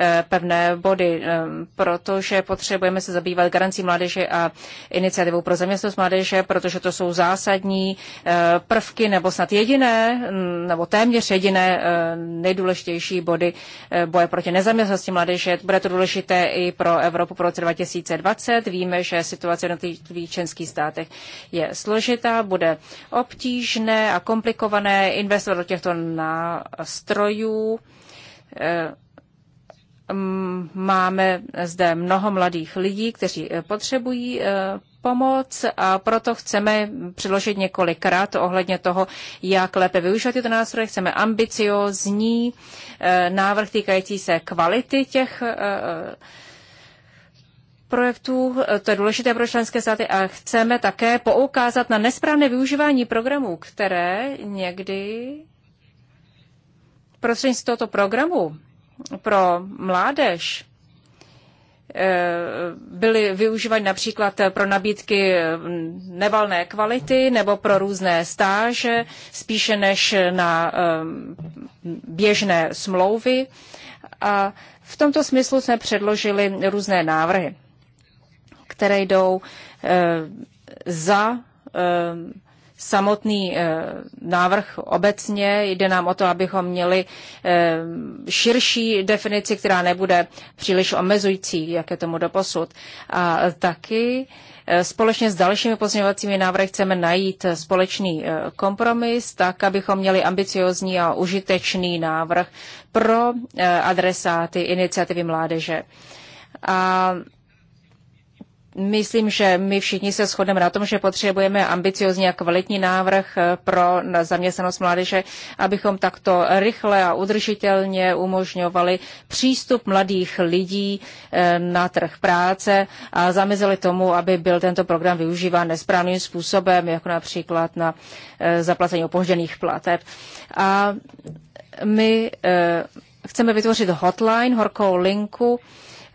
Eh, pevné body, eh, protože potřebujeme se zabývat garancí mládeže a iniciativou pro zaměstnost mládeže, protože to jsou zásadní eh, prvky nebo snad jediné, mm, nebo téměř jediné nejdůležitější body boje proti nezaměstnosti mládeže. Bude to důležité i pro Evropu pro roce 2020. Víme, že situace v jednotlivých členských státech je složitá, bude obtížné a komplikované investovat do těchto nástrojů. Máme zde mnoho mladých lidí, kteří eh, potřebují eh, pomoc a proto chceme přiložit několikrát ohledně toho, jak lépe využívat tyto nástroje. Chceme ambiciozní eh, návrh týkající se kvality těch projektů, to je důležité pro členské státy a chceme také poukázat na nesprávné využívání programů, které někdy prostřednictvím tohoto programu pro mládež eh, byly využívány například pro nabídky nevalné kvality nebo pro různé stáže, spíše než na eh, běžné smlouvy. A v tomto smyslu jsme předložili různé návrhy, které jdou eh, za samotný eh, návrh obecně. Jde nám o to, abychom měli eh, širší definici, která nebude příliš omezující, jak je tomu doposud. A taky eh, Společně s dalšími pozměňovacími návrhy chceme najít společný kompromis, tak abychom měli ambiciozní a užitečný návrh pro adresáty iniciativy mládeže. A Myslím, že my všichni se shodneme na tom, že potřebujeme ambiciozní a kvalitní návrh eh, pro zaměstnanost mládeže, abychom takto rychle a udržitelně umožňovali přístup mladých lidí eh, na trh práce a zamezili tomu, aby byl tento program využíván nesprávným způsobem, jako například na eh, zaplacení opožděných plateb. A my chceme vytvořit hotline, horkou linku,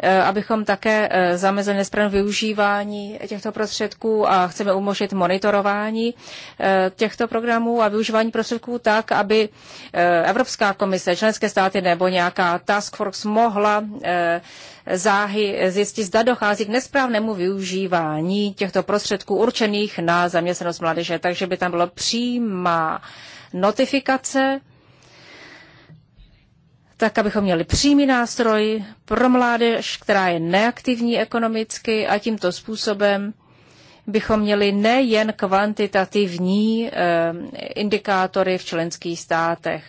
Eh, abychom také eh, zamezili nesprávné využívání těchto prostředků a chceme umožnit monitorování eh, těchto programů a využívání prostředků tak, aby Evropská komise, členské státy nebo nějaká task force mohla záhy zjistit, zda dochází k nesprávnému využívání těchto prostředků určených na zaměstnanost mládeže. Takže by tam bylo přímá notifikace tak abychom měli přímý nástroj pro mládež, která je neaktivní ekonomicky a tímto způsobem bychom měli nejen kvantitativní eh, indikátory v členských státech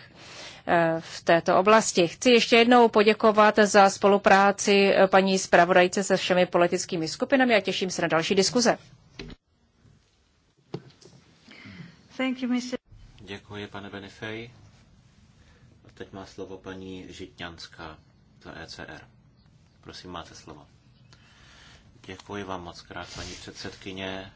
eh, v této oblasti. Chci ještě jednou poděkovat za spolupráci eh, paní zpravodajce se všemi politickými skupinami a těším se na další diskuze. Děkuji, pane Benefej. Teď má slovo paní Žitňanská za ECR. Prosím, máte slovo. Děkuji vám moc krát, paní předsedkyně.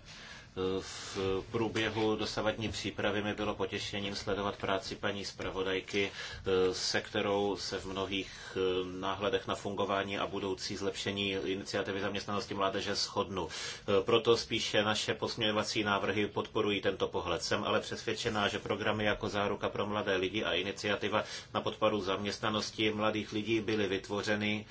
V průběhu dosavadní přípravy mi bylo potěšením sledovat práci paní zpravodajky, eh, se kterou se v mnohých eh, náhledech na fungování a budoucí zlepšení iniciativy zaměstnanosti mládeže shodnu. Eh, proto spíše naše posměvací návrhy podporují tento pohled. Jsem ale přesvědčená, že programy jako Záruka pro mladé lidi a iniciativa na podporu zaměstnanosti mladých lidí byly vytvořeny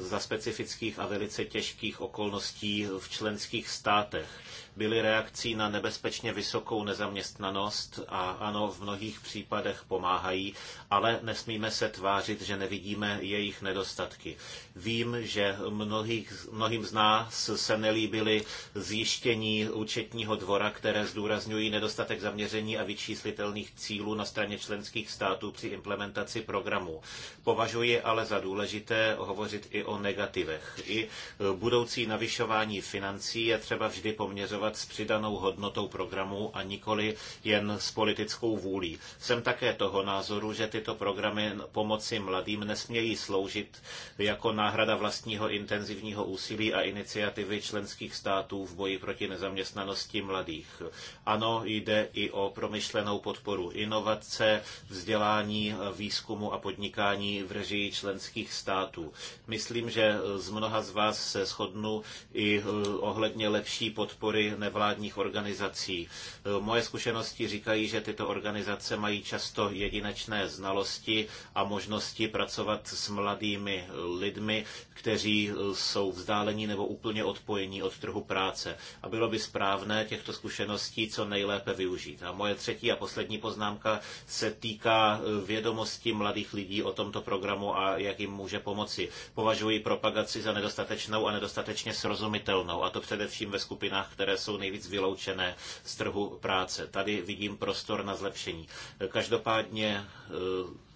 za specifických a velice těžkých okolností v členských státech byly reakcí na nebezpečně vysokou nezaměstnanost a ano, v mnohých případech pomáhají, ale nesmíme se tvářit, že nevidíme jejich nedostatky. Vím, že mnohých, mnohým z nás se nelíbily zjištění účetního dvora, které zdůrazňují nedostatek zaměření a vyčíslitelných cílů na straně členských států při implementaci programů. Považuji ale za důležité hovořit i o negativech. I budoucí navyšování financí je třeba vždy poměřovat pracovat s přidanou hodnotou programů a nikoli jen s politickou vůlí. Jsem také toho názoru, že tyto programy pomoci mladým nesmějí sloužit jako náhrada vlastního intenzivního úsilí a iniciativy členských států v boji proti nezaměstnanosti mladých. Ano, jde i o promyšlenou podporu inovace, vzdělání, výzkumu a podnikání v režii členských států. Myslím, že z mnoha z vás se shodnu i eh, ohledně lepší podpory nevládních organizací. Moje zkušenosti říkají, že tyto organizace mají často jedinečné znalosti a možnosti pracovat s mladými lidmi, kteří jsou vzdálení nebo úplně odpojení od trhu práce. A bylo by správné těchto zkušeností co nejlépe využít. A moje třetí a poslední poznámka se týká vědomosti mladých lidí o tomto programu a jak jim může pomoci. Považuji propagaci za nedostatečnou a nedostatečně srozumitelnou, a to především ve skupinách, které jsou jsou nejvíc vyloučené z trhu práce. Tady vidím prostor na zlepšení. Každopádně eh,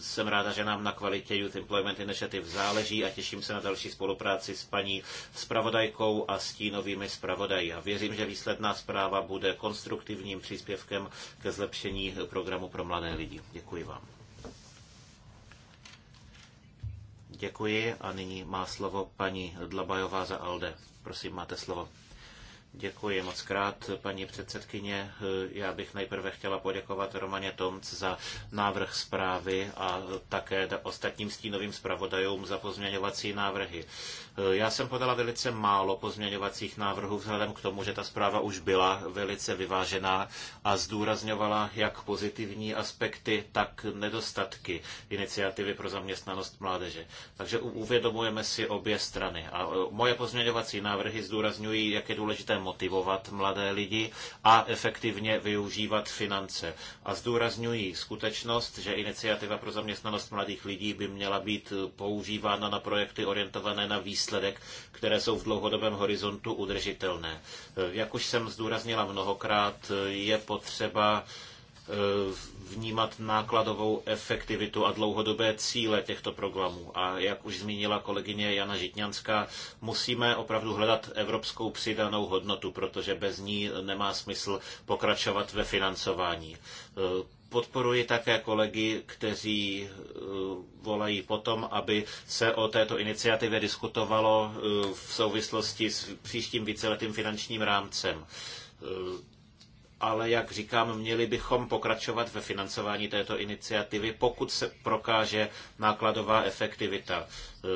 jsem ráda, že nám na kvalitě Youth Employment Initiative záleží a těším se na další spolupráci s paní spravodajkou a stínovými spravodaji. A věřím, že výsledná zpráva bude konstruktivním příspěvkem ke zlepšení programu pro mladé lidi. Děkuji vám. Děkuji a nyní má slovo paní Dlabajová za ALDE. Prosím, máte slovo. Děkuji moc krát, paní předsedkyně. Já bych nejprve chtěla poděkovat Romaně Tomc za návrh zprávy a také ostatním stínovým zpravodajům za pozměňovací návrhy. Eh, já jsem podala velice málo pozměňovacích návrhů vzhledem k tomu, že ta zpráva už byla velice vyvážená a zdůrazňovala jak pozitivní aspekty, tak nedostatky iniciativy pro zaměstnanost mládeže. Takže uvědomujeme si obě strany. A eh, moje pozměňovací návrhy zdůrazňují, jak je důležité motivovat mladé lidi a efektivně využívat finance. A zdůrazňují skutečnost, že iniciativa pro zaměstnanost mladých lidí by měla být eh, používána na projekty orientované na výsledky výsledek, které jsou v dlouhodobém horizontu udržitelné. Jak už jsem zdůraznila mnohokrát, je potřeba Eh, vnímat nákladovou efektivitu a dlouhodobé cíle těchto programů. A jak už zmínila kolegyně Jana Žitňanská, musíme opravdu hledat evropskou přidanou hodnotu, protože bez ní nemá smysl pokračovat ve financování. Eh, podporuji také kolegy, kteří eh, volají potom, aby se o této iniciativě diskutovalo v souvislosti s příštím víceletým finančním rámcem ale jak říkám, měli bychom pokračovat ve financování této iniciativy, pokud se prokáže nákladová efektivita eh,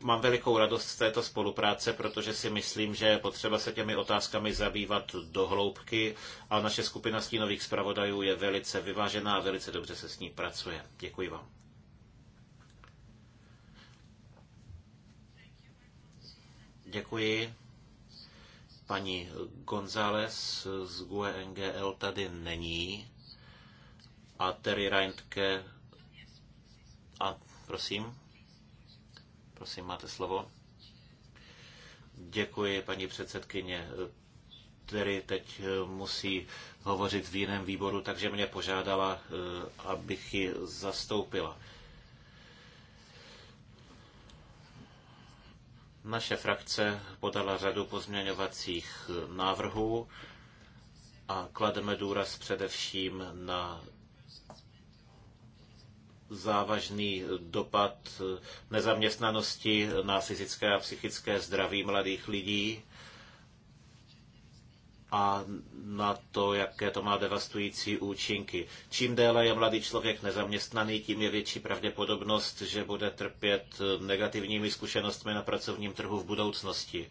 mám velikou radost z této spolupráce, protože si myslím, že je potřeba se těmi otázkami zabývat do hloubky a naše skupina stínových zpravodajů je velice vyvážená a velice dobře se s ní pracuje. Děkuji vám. Děkuji. Paní González z GUE NGL tady není. A Terry Reintke. A prosím. Prosím, máte slovo. Děkuji, paní předsedkyně. Terry teď eh, musí hovořit v jiném výboru, takže mě požádala, eh, abych ji zastoupila. Naše frakce podala řadu pozměňovacích návrhů a klademe důraz především na závažný dopad nezaměstnanosti na fyzické a psychické zdraví mladých lidí a na to, jaké to má devastující účinky. Čím déle je mladý člověk nezaměstnaný, tím je větší pravděpodobnost, že bude trpět negativními zkušenostmi na pracovním trhu v budoucnosti.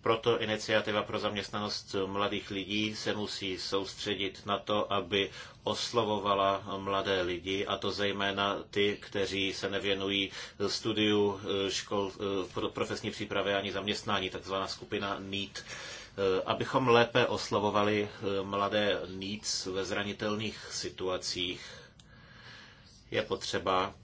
Proto iniciativa pro zaměstnanost mladých lidí se musí soustředit na to, aby oslovovala mladé lidi, a to zejména ty, kteří se nevěnují studiu škol, eh, profesní přípravy ani zaměstnání, takzvaná skupina NEET. Eh, abychom lépe oslavovali eh, mladé nic ve zranitelných situacích, je potřeba,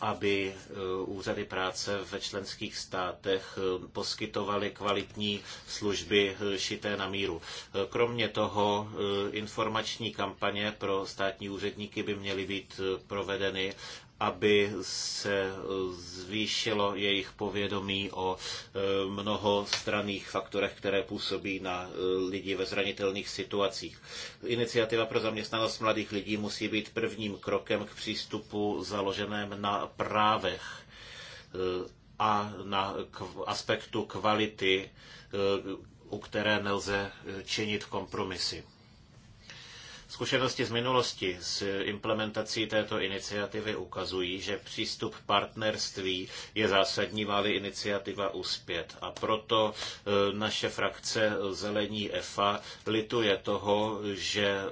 aby eh, úřady práce ve členských státech poskytovaly kvalitní služby šité na míru. Kromě toho informační kampaně pro státní úředníky by měly být provedeny aby se zvýšilo jejich povědomí o e, mnohostranných faktorech, které působí na e, lidi ve zranitelných situacích. Iniciativa pro zaměstnanost mladých lidí musí být prvním krokem k přístupu založeném na právech e, a na aspektu kvality, u které nelze činit kompromisy. Zkušenosti z minulosti s implementací této iniciativy ukazují, že přístup partnerství je zásadní, má iniciativa uspět. A proto e, naše frakce Zelení EFA lituje toho, že e,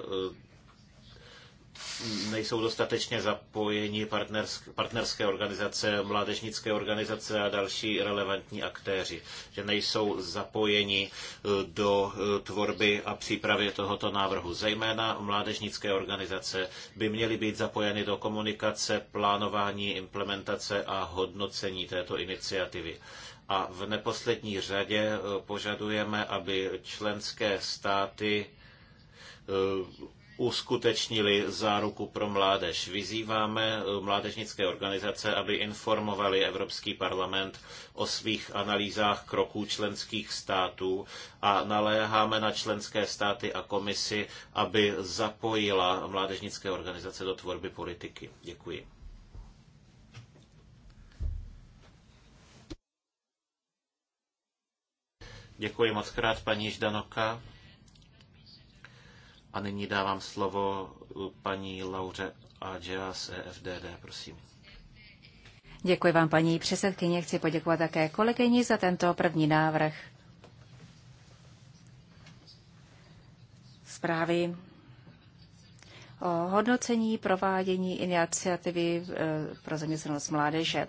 nejsou dostatečně zapojeni partnersk, partnerské organizace, mládežnické organizace a další relevantní aktéři, že nejsou zapojeni e, do e, tvorby a přípravy tohoto návrhu. Zejména mládežnické organizace by měly být zapojeny do komunikace, plánování, implementace a hodnocení této iniciativy. A v neposlední řadě e, požadujeme, aby členské státy uskutečnili záruku pro mládež. Vyzýváme eh, mládežnické organizace, aby informovali Evropský parlament o svých analýzách kroků členských států a naléháme na členské státy a komisi, aby zapojila mládežnické organizace do tvorby politiky. Děkuji. Děkuji moc krát, paní Ždanoka. A nyní dávám slovo paní Lauře Adžia z EFDD, prosím. Děkuji vám, paní předsedkyně. Chci poděkovat také kolegyni za tento první návrh. Zprávy o hodnocení provádění iniciativy eh, pro zaměstnanost mládeže.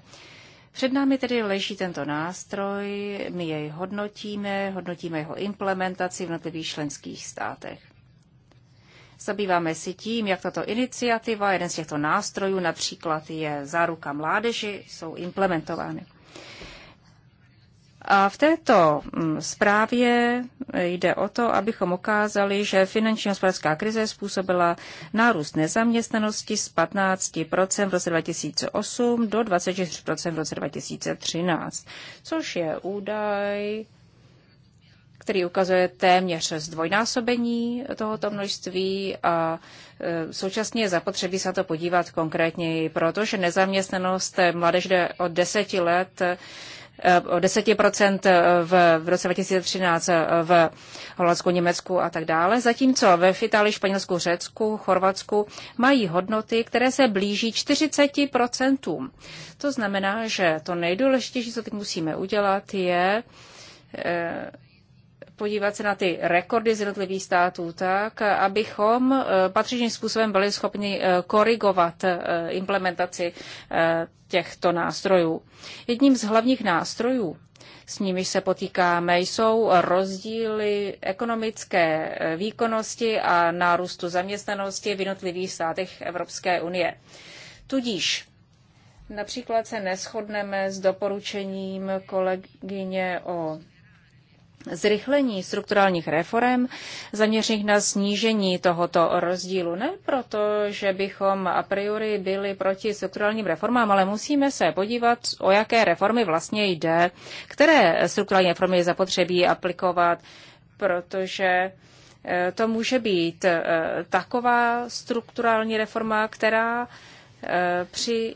Před námi tedy leží tento nástroj, my jej hodnotíme, hodnotíme jeho implementaci v jednotlivých členských státech. Zabýváme si tím, jak tato iniciativa, jeden z těchto nástrojů, například je záruka mládeži, jsou implementovány. A v této mm, zprávě jde o to, abychom ukázali, že finanční hospodářská krize způsobila nárůst nezaměstnanosti z 15% v roce 2008 do 26% v roce 2013, což je údaj, který ukazuje téměř zdvojnásobení tohoto množství a e, současně je zapotřebí se to podívat konkrétněji, protože nezaměstnanost mládež jde od deseti let e, o 10% v, v roce 2013 v Holandsku, Německu a tak dále, zatímco ve Itálii, Španělsku, Řecku, Chorvatsku mají hodnoty, které se blíží 40%. To znamená, že to nejdůležitější, co teď musíme udělat, je e, podívat se na ty rekordy z jednotlivých států tak, abychom eh, patřičným způsobem byli schopni eh, korigovat eh, implementaci těchto nástrojů. Jedním z hlavních nástrojů, s nimi se potýkáme, jsou rozdíly ekonomické výkonnosti a nárůstu zaměstnanosti v jednotlivých státech Evropské unie. Tudíž například se neschodneme s doporučením kolegyně o zrychlení strukturálních reform zaměřených na snížení tohoto rozdílu. Ne proto, že bychom a priori byli proti strukturálním reformám, ale musíme se podívat, o jaké reformy vlastně jde, které strukturální reformy je zapotřebí aplikovat, protože eh, to může být eh, taková strukturální reforma, která eh, při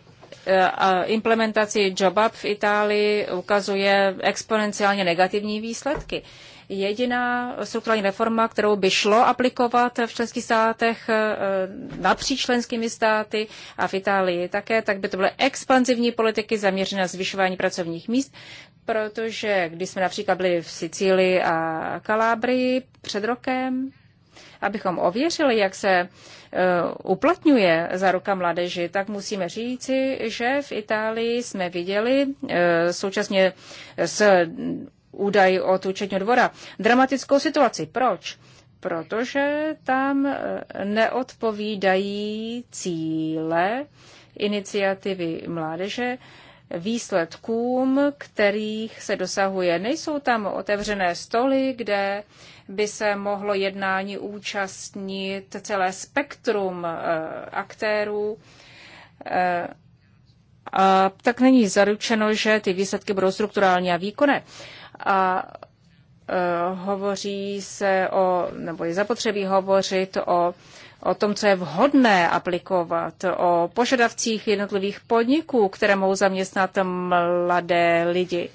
Eh, implementaci JobUp v Itálii ukazuje exponenciálně negativní výsledky. Jediná strukturální reforma, kterou by šlo aplikovat v členských státech eh, napříč členskými státy a v Itálii také, tak by to byly expanzivní politiky zaměřené na zvyšování pracovních míst, protože když jsme například byli v Sicílii a Kalábrii před rokem, abychom ověřili, jak se e, uplatňuje ruka mládeži, tak musíme říci, že v Itálii jsme viděli e, současně s údaji od účetního dvora dramatickou situaci. Proč? Protože tam e, neodpovídají cíle iniciativy mládeže, výsledkům, kterých se dosahuje. Nejsou tam otevřené stoly, kde by se mohlo jednání účastnit celé spektrum eh, aktérů. Eh, a tak není zaručeno, že ty výsledky budou strukturální a výkonné. A eh, hovoří se o, nebo je zapotřebí hovořit o o tom, co je vhodné aplikovat, o požadavcích jednotlivých podniků, které mohou zaměstnat mladé lidi.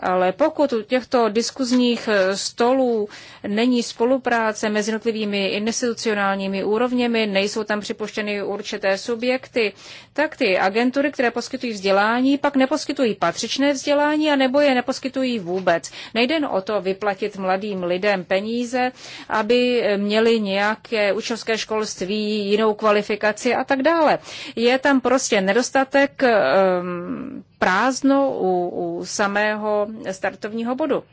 Ale pokud u těchto diskuzních eh, stolů není spolupráce mezi jednotlivými institucionálními úrovněmi, nejsou tam připuštěny určité subjekty, tak ty agentury, které poskytují vzdělání, pak neposkytují patřičné vzdělání a nebo je neposkytují vůbec. Nejde jen o to vyplatit mladým lidem peníze, aby eh, měli nějaké učňovské školství, jinou kvalifikaci a tak dále. Je tam prostě nedostatek um, prázdno u, u samého startovního bodu.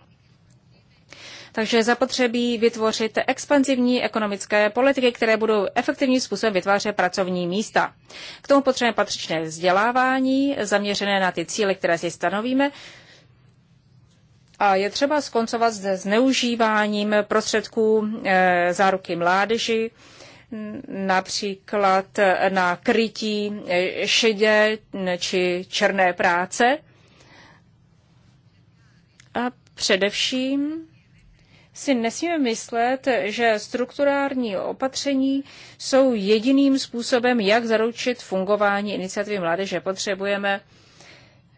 Takže zapotřebí vytvořit expanzivní ekonomické politiky, které budou efektivním způsobem vytvářet pracovní místa. K tomu potřebujeme patřičné vzdělávání, zaměřené na ty cíle, které si stanovíme. A je třeba skoncovat se zneužíváním prostředků e, záruky mládeži, e, například na krytí šedě či černé práce. A především si nesmíme myslet, že strukturální opatření jsou jediným způsobem, jak zaručit fungování iniciativy mládeže. Potřebujeme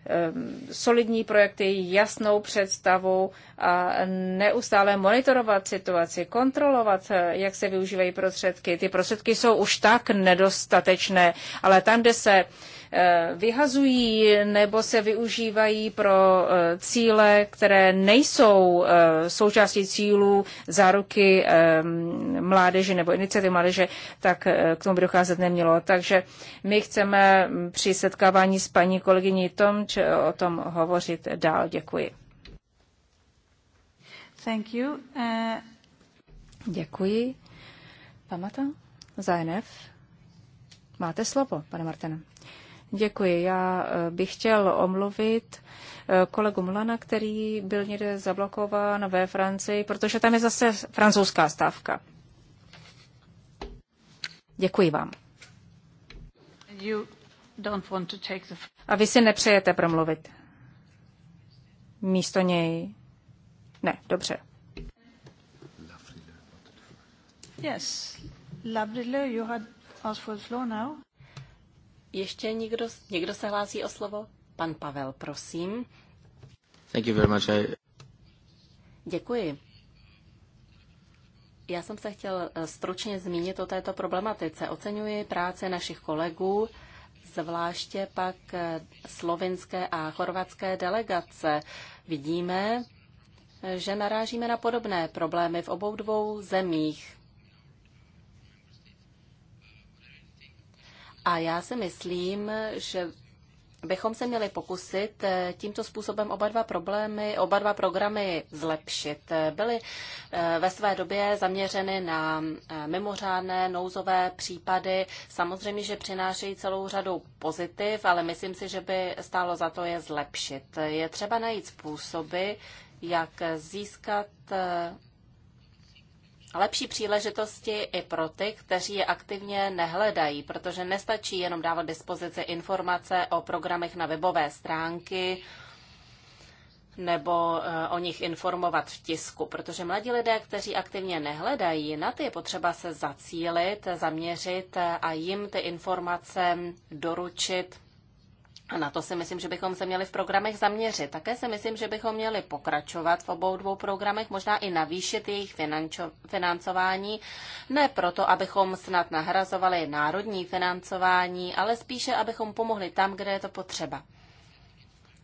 Ehm, solidní projekty, jasnou představu a neustále monitorovat situaci, kontrolovat, eh, jak se využívají prostředky. Ty prostředky jsou už tak nedostatečné, ale tam, kde se Eh, vyhazují nebo se využívají pro eh, cíle, které nejsou eh, součástí cílů záruky mládeže nebo iniciativy mládeže, tak k tomu by docházet nemělo. Takže my chceme při setkávání s paní kolegyní Tomč o tom hovořit dál. Děkuji. Thank you. Uh... Děkuji. Pamata? ZNF? Máte slovo, pane Martene. Děkuji. Já eh, bych chtěl omluvit eh, kolegu Mlana, který byl někde zablokován ve Francii, protože tam je zase francouzská stávka. Děkuji vám. A vy si nepřejete promluvit místo něj? Ne, dobře. Yes. Lavrileux, you had asked for the floor now. Ještě někdo, někdo se hlásí o slovo? Pan Pavel, prosím. Thank you very much. I... Děkuji. Já jsem se chtěl eh, stručně zmínit o této problematice. Oceňuji práci našich kolegů, zvláště pak eh, slovinské a chorvatské delegace. Vidíme, eh, že narážíme na podobné problémy v obou dvou zemích. A já si myslím, že bychom se měli pokusit eh, tímto způsobem oba dva problémy, oba dva programy zlepšit. Byly eh, ve své době zaměřeny na eh, mimořádné nouzové případy. Samozřejmě, že přinášejí celou řadu pozitiv, ale myslím si, že by stálo za to je zlepšit. Je třeba najít způsoby, jak získat lepší příležitosti i pro ty, kteří je aktivně nehledají, protože nestačí jenom dávat dispozici informace o programech na webové stránky nebo eh, o nich informovat v tisku, protože mladí lidé, kteří aktivně nehledají, na ty je potřeba se zacílit, zaměřit eh, a jim ty informace doručit a na to si myslím, že bychom se měli v programech zaměřit. Také si myslím, že bychom měli pokračovat v obou dvou programech, možná i navýšit jejich financování. Ne proto, abychom snad nahrazovali národní financování, ale spíše, abychom pomohli tam, kde je to potřeba.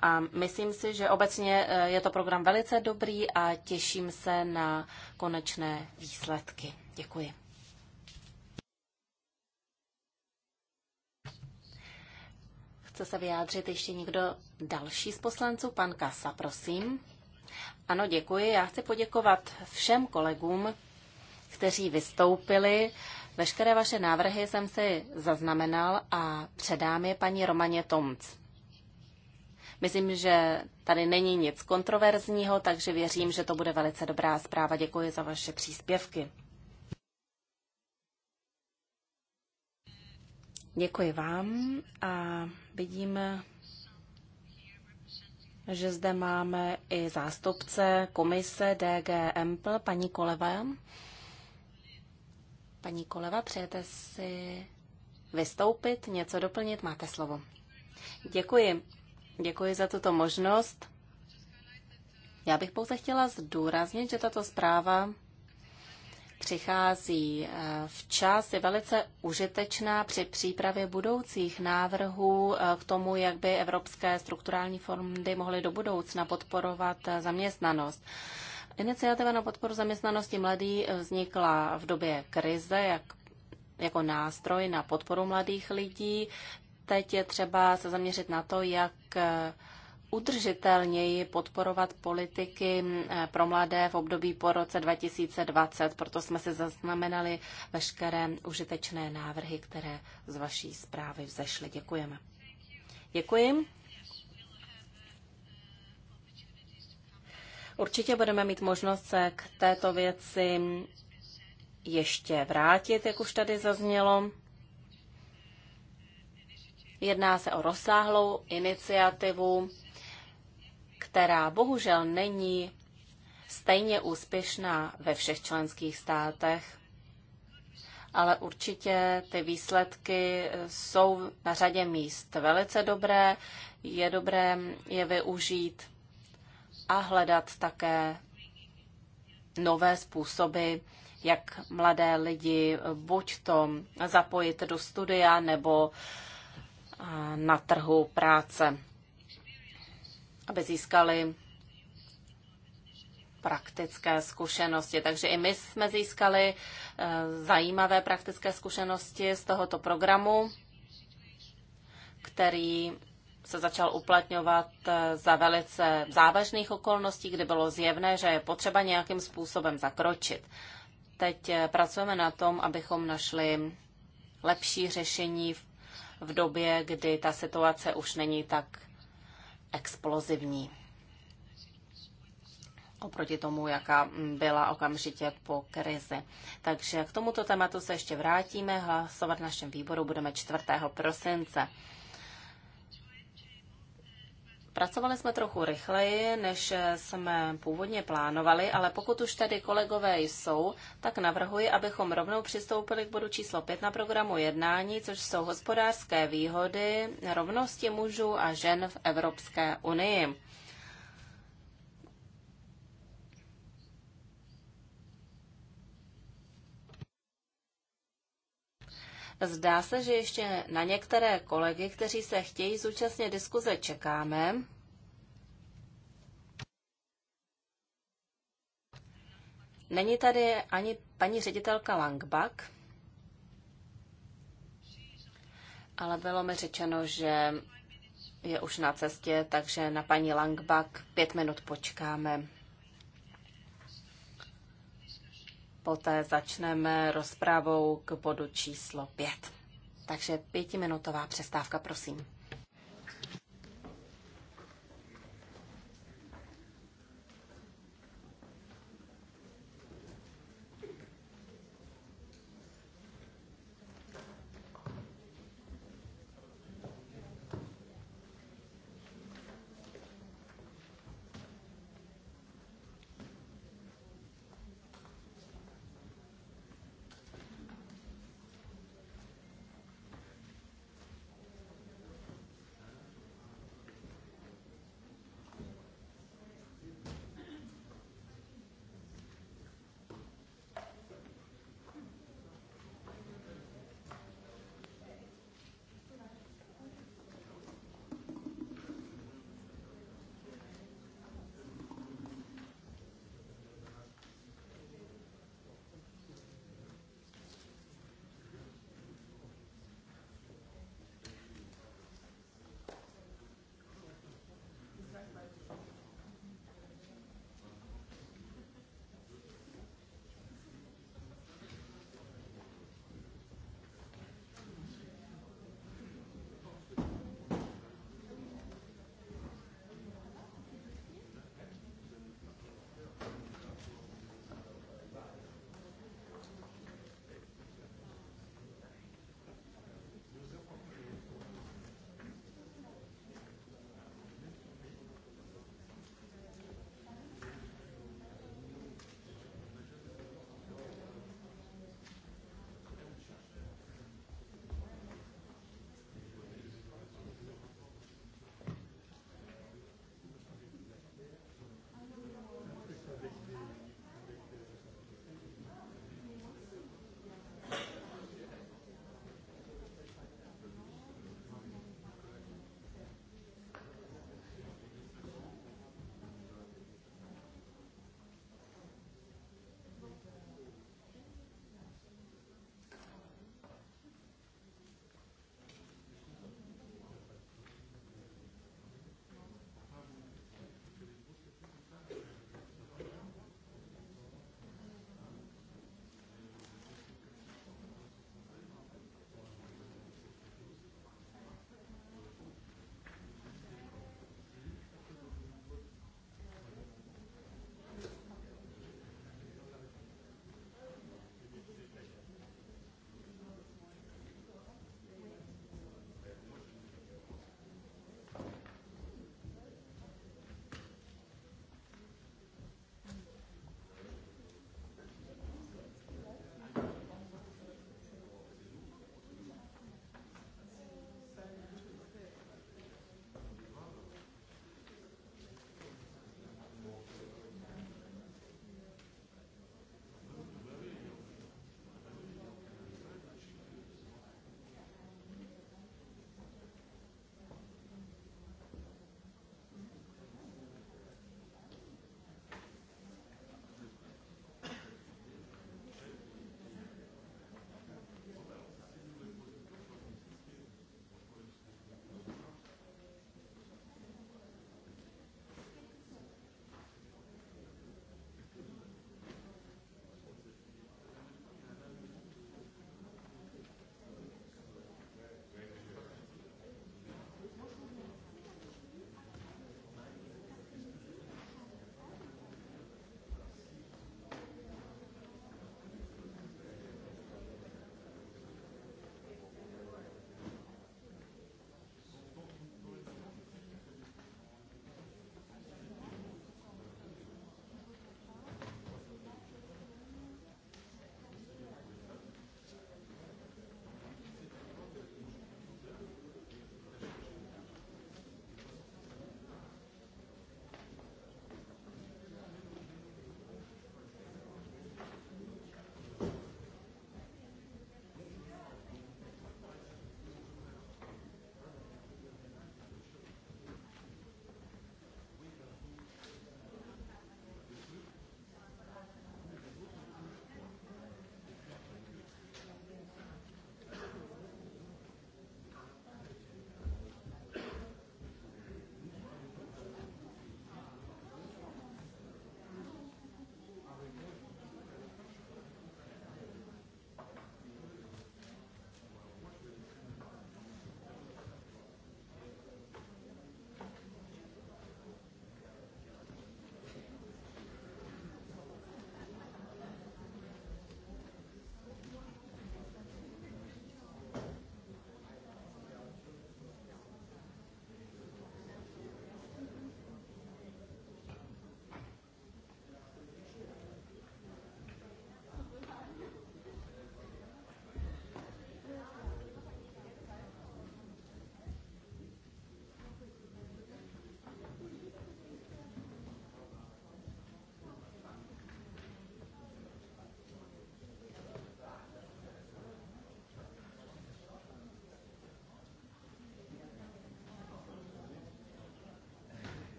A myslím si, že obecně eh, je to program velice dobrý a těším se na konečné výsledky. Děkuji. Chce se vyjádřit ještě někdo další z poslanců? Pan Kasa, prosím. Ano, děkuji. Já chci poděkovat všem kolegům, kteří vystoupili. Veškeré vaše návrhy jsem si zaznamenal a předám je paní Romaně Tomc. Myslím, že tady není nic kontroverzního, takže věřím, že to bude velice dobrá zpráva. Děkuji za vaše příspěvky. Děkuji vám a vidím, že zde máme i zástupce komise DG Empl, paní Koleva. Paní Koleva, přejete si vystoupit, něco doplnit? Máte slovo. Děkuji. Děkuji za tuto možnost. Já bych pouze chtěla zdůraznit, že tato zpráva přichází eh, včas, je velice užitečná při přípravě budoucích návrhů eh, k tomu, jak by evropské strukturální fondy mohly do budoucna podporovat eh, zaměstnanost. Iniciativa na podporu zaměstnanosti mladých vznikla v době krize jak, jako nástroj na podporu mladých lidí. Teď je třeba se zaměřit na to, jak udržitelněji podporovat politiky eh, pro mladé v období po roce 2020. Proto jsme si zaznamenali veškeré užitečné návrhy, které z vaší zprávy vzešly. Děkujeme. Děkuji. Určitě budeme mít možnost se k této věci ještě vrátit, jak už tady zaznělo. Jedná se o rozsáhlou iniciativu, která bohužel není stejně úspěšná ve všech členských státech, ale určitě ty výsledky jsou na řadě míst velice dobré, je dobré je využít a hledat také nové způsoby, jak mladé lidi buď to zapojit do studia nebo na trhu práce aby získali praktické zkušenosti. Takže i my jsme získali eh, zajímavé praktické zkušenosti z tohoto programu, který se začal uplatňovat eh, za velice závažných okolností, kdy bylo zjevné, že je potřeba nějakým způsobem zakročit. Teď eh, pracujeme na tom, abychom našli lepší řešení v době, kdy ta situace už není tak explozivní. Oproti tomu, jaká byla okamžitě po krizi. Takže k tomuto tématu se ještě vrátíme. Hlasovat v našem výboru budeme 4. prosince. Pracovali jsme trochu rychleji, než jsme původně plánovali, ale pokud už tady kolegové jsou, tak navrhuji, abychom rovnou přistoupili k bodu číslo 5 na programu jednání, což jsou hospodářské výhody rovnosti mužů a žen v Evropské unii. Zdá se, že ještě na některé kolegy, kteří se chtějí zúčastnit diskuze, čekáme. Není tady ani paní ředitelka Langbach, ale bylo mi řečeno, že je už na cestě, takže na paní Langbach pět minut počkáme. poté začneme rozpravou k bodu číslo 5. Takže pětiminutová přestávka, prosím.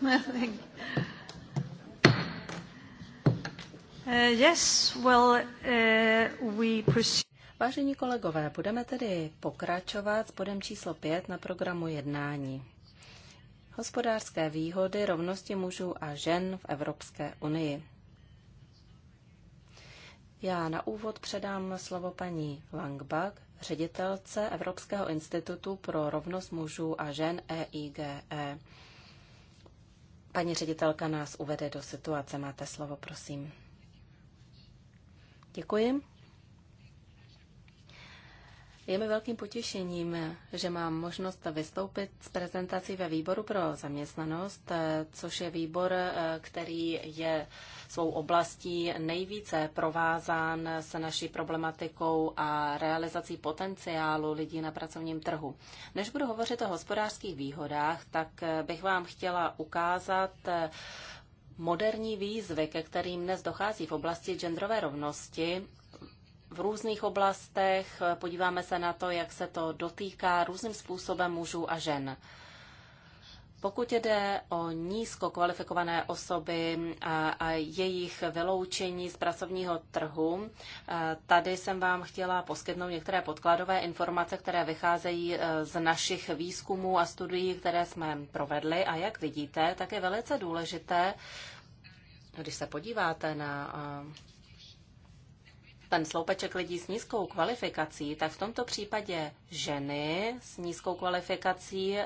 (laughs) Uh, Vážení kolegové, budeme tedy pokračovat s bodem číslo 5 na programu jednání. Hospodářské výhody rovnosti mužů a žen v Evropské unii. Já na úvod předám slovo paní Langbach, ředitelce Evropského institutu pro rovnost mužů a žen EIGE. Paní ředitelka nás uvede do situace. Máte slovo, prosím. Děkuji. Je mi velkým potěšením, že mám možnost vystoupit s prezentací ve výboru pro zaměstnanost, což je výbor, který je svou oblastí nejvíce provázán se naší problematikou a realizací potenciálu lidí na pracovním trhu. Než budu hovořit o hospodářských výhodách, tak bych vám chtěla ukázat moderní výzvy, ke kterým dnes dochází v oblasti genderové rovnosti v různých oblastech, podíváme se na to, jak se to dotýká různým způsobem mužů a žen. Pokud jde o nízko kvalifikované osoby a, a jejich vyloučení z pracovního trhu, tady jsem vám chtěla poskytnout některé podkladové informace, které vycházejí e, z našich výzkumů a studií, které jsme provedli. A jak vidíte, tak je velice důležité, když se podíváte na ten sloupeček lidí s nízkou kvalifikací, tak v tomto případě ženy s nízkou kvalifikací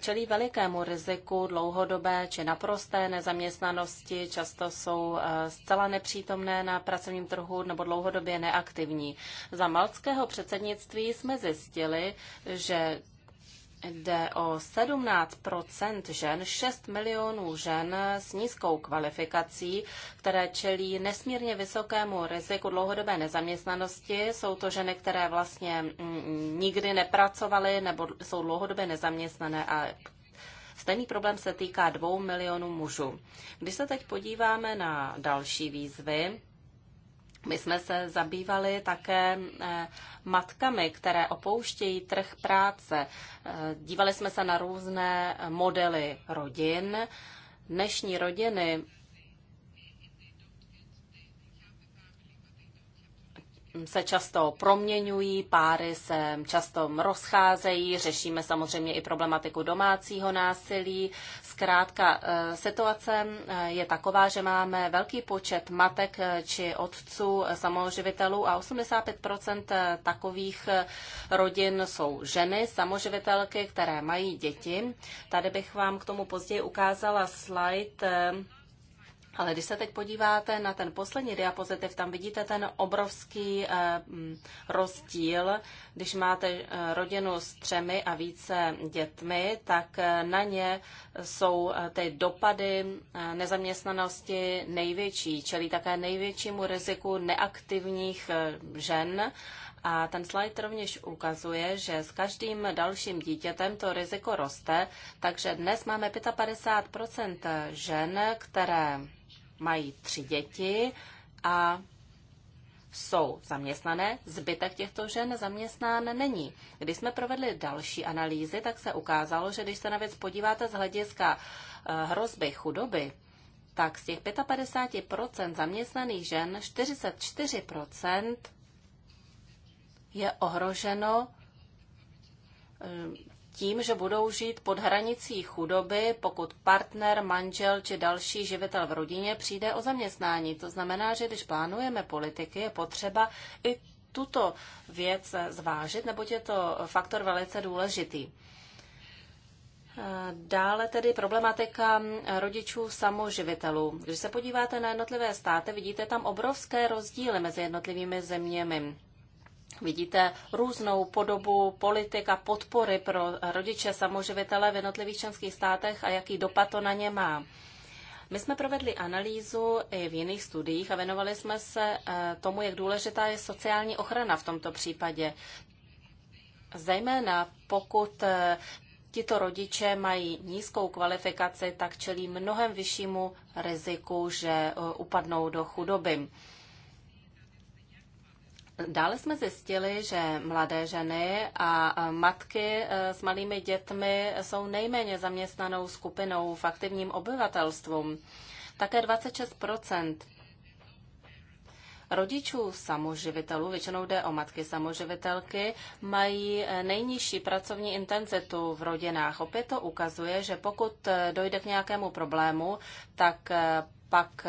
čelí velikému riziku dlouhodobé či naprosté nezaměstnanosti, často jsou eh, zcela nepřítomné na pracovním trhu nebo dlouhodobě neaktivní. Za malckého předsednictví jsme zjistili, že jde o 17 žen, 6 milionů žen s nízkou kvalifikací, které čelí nesmírně vysokému riziku dlouhodobé nezaměstnanosti. Jsou to ženy, které vlastně mm, nikdy nepracovaly nebo jsou dlouhodobě nezaměstnané a Stejný problém se týká dvou milionů mužů. Když se teď podíváme na další výzvy, my jsme se zabývali také eh, matkami, které opouštějí trh práce. Eh, dívali jsme se na různé modely rodin. Dnešní rodiny se často proměňují, páry se často rozcházejí, řešíme samozřejmě i problematiku domácího násilí, Zkrátka, eh, situace eh, je taková, že máme velký počet matek eh, či otců samoživitelů a 85 takových rodin jsou ženy, samoživitelky, které mají děti. Tady bych vám k tomu později ukázala slide ale když se teď podíváte na ten poslední diapozitiv, tam vidíte ten obrovský eh, mm, rozdíl. Když máte eh, rodinu s třemi a více dětmi, tak eh, na ně jsou ty dopady nezaměstnanosti největší, čelí také největšímu riziku neaktivních žen. A ten slide rovněž ukazuje, že s každým dalším dítětem to riziko roste, takže dnes máme 55 žen, které mají tři děti a jsou zaměstnané, zbytek těchto žen zaměstnán není. Když jsme provedli další analýzy, tak se ukázalo, že když se na věc podíváte z hlediska eh, hrozby chudoby, tak z těch 55% zaměstnaných žen 44% je ohroženo eh, tím, že budou žít pod hranicí chudoby, pokud partner, manžel či další živitel v rodině přijde o zaměstnání. To znamená, že když plánujeme politiky, je potřeba i tuto věc zvážit, neboť je to faktor velice důležitý. Dále tedy problematika rodičů samoživitelů. Když se podíváte na jednotlivé státy, vidíte tam obrovské rozdíly mezi jednotlivými zeměmi. Vidíte různou podobu politika podpory pro rodiče samoživitele v jednotlivých členských státech a jaký dopad to na ně má. My jsme provedli analýzu i v jiných studiích a věnovali jsme se eh, tomu, jak důležitá je sociální ochrana v tomto případě. Zejména pokud eh, tito rodiče mají nízkou kvalifikaci, tak čelí mnohem vyššímu riziku, že eh, upadnou do chudoby. Dále jsme zjistili, že mladé ženy a matky e, s malými dětmi jsou nejméně zaměstnanou skupinou v aktivním obyvatelstvu. Také 26 Rodičů samoživitelů, většinou jde o matky samoživitelky, mají e, nejnižší pracovní intenzitu v rodinách. Opět to ukazuje, že pokud e, dojde k nějakému problému, tak pak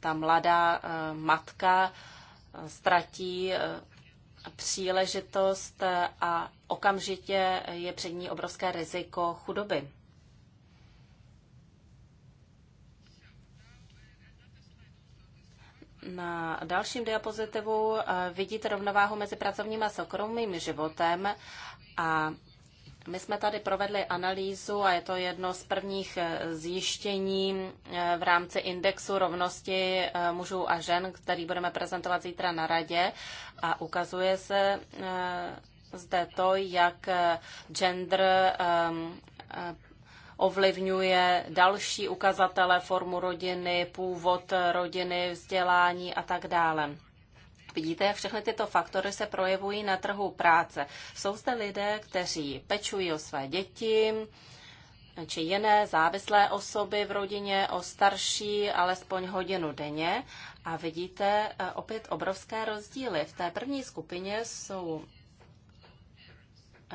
ta mladá matka ztratí eh, příležitost eh, a okamžitě je před ní obrovské riziko chudoby. Na dalším diapozitivu eh, vidíte rovnováhu mezi pracovním a soukromým životem a my jsme tady provedli analýzu a je to jedno z prvních eh, zjištění eh, v rámci indexu rovnosti eh, mužů a žen, který budeme prezentovat zítra na radě a ukazuje se zde to, jak gender ehm, ovlivňuje další ukazatele, formu rodiny, původ rodiny, vzdělání a tak dále. Vidíte, jak všechny tyto faktory se projevují na trhu práce. Jsou zde lidé, kteří pečují o své děti, či jiné závislé osoby v rodině o starší alespoň hodinu denně. A vidíte eh, opět obrovské rozdíly. V té první skupině jsou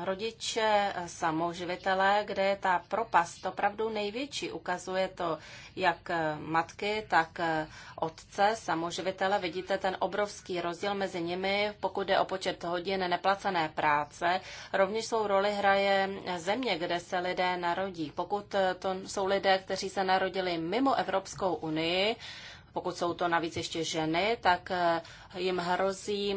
rodiče eh, samoživitelé, kde je ta propast opravdu největší. Ukazuje to jak eh, matky, tak eh, otce samoživitele. Vidíte ten obrovský rozdíl mezi nimi, pokud jde o počet hodin neplacené práce. Rovněž svou roli hraje země, kde se lidé narodí. Pokud to jsou lidé, kteří se narodili mimo Evropskou unii, pokud jsou to navíc ještě ženy, tak jim hrozí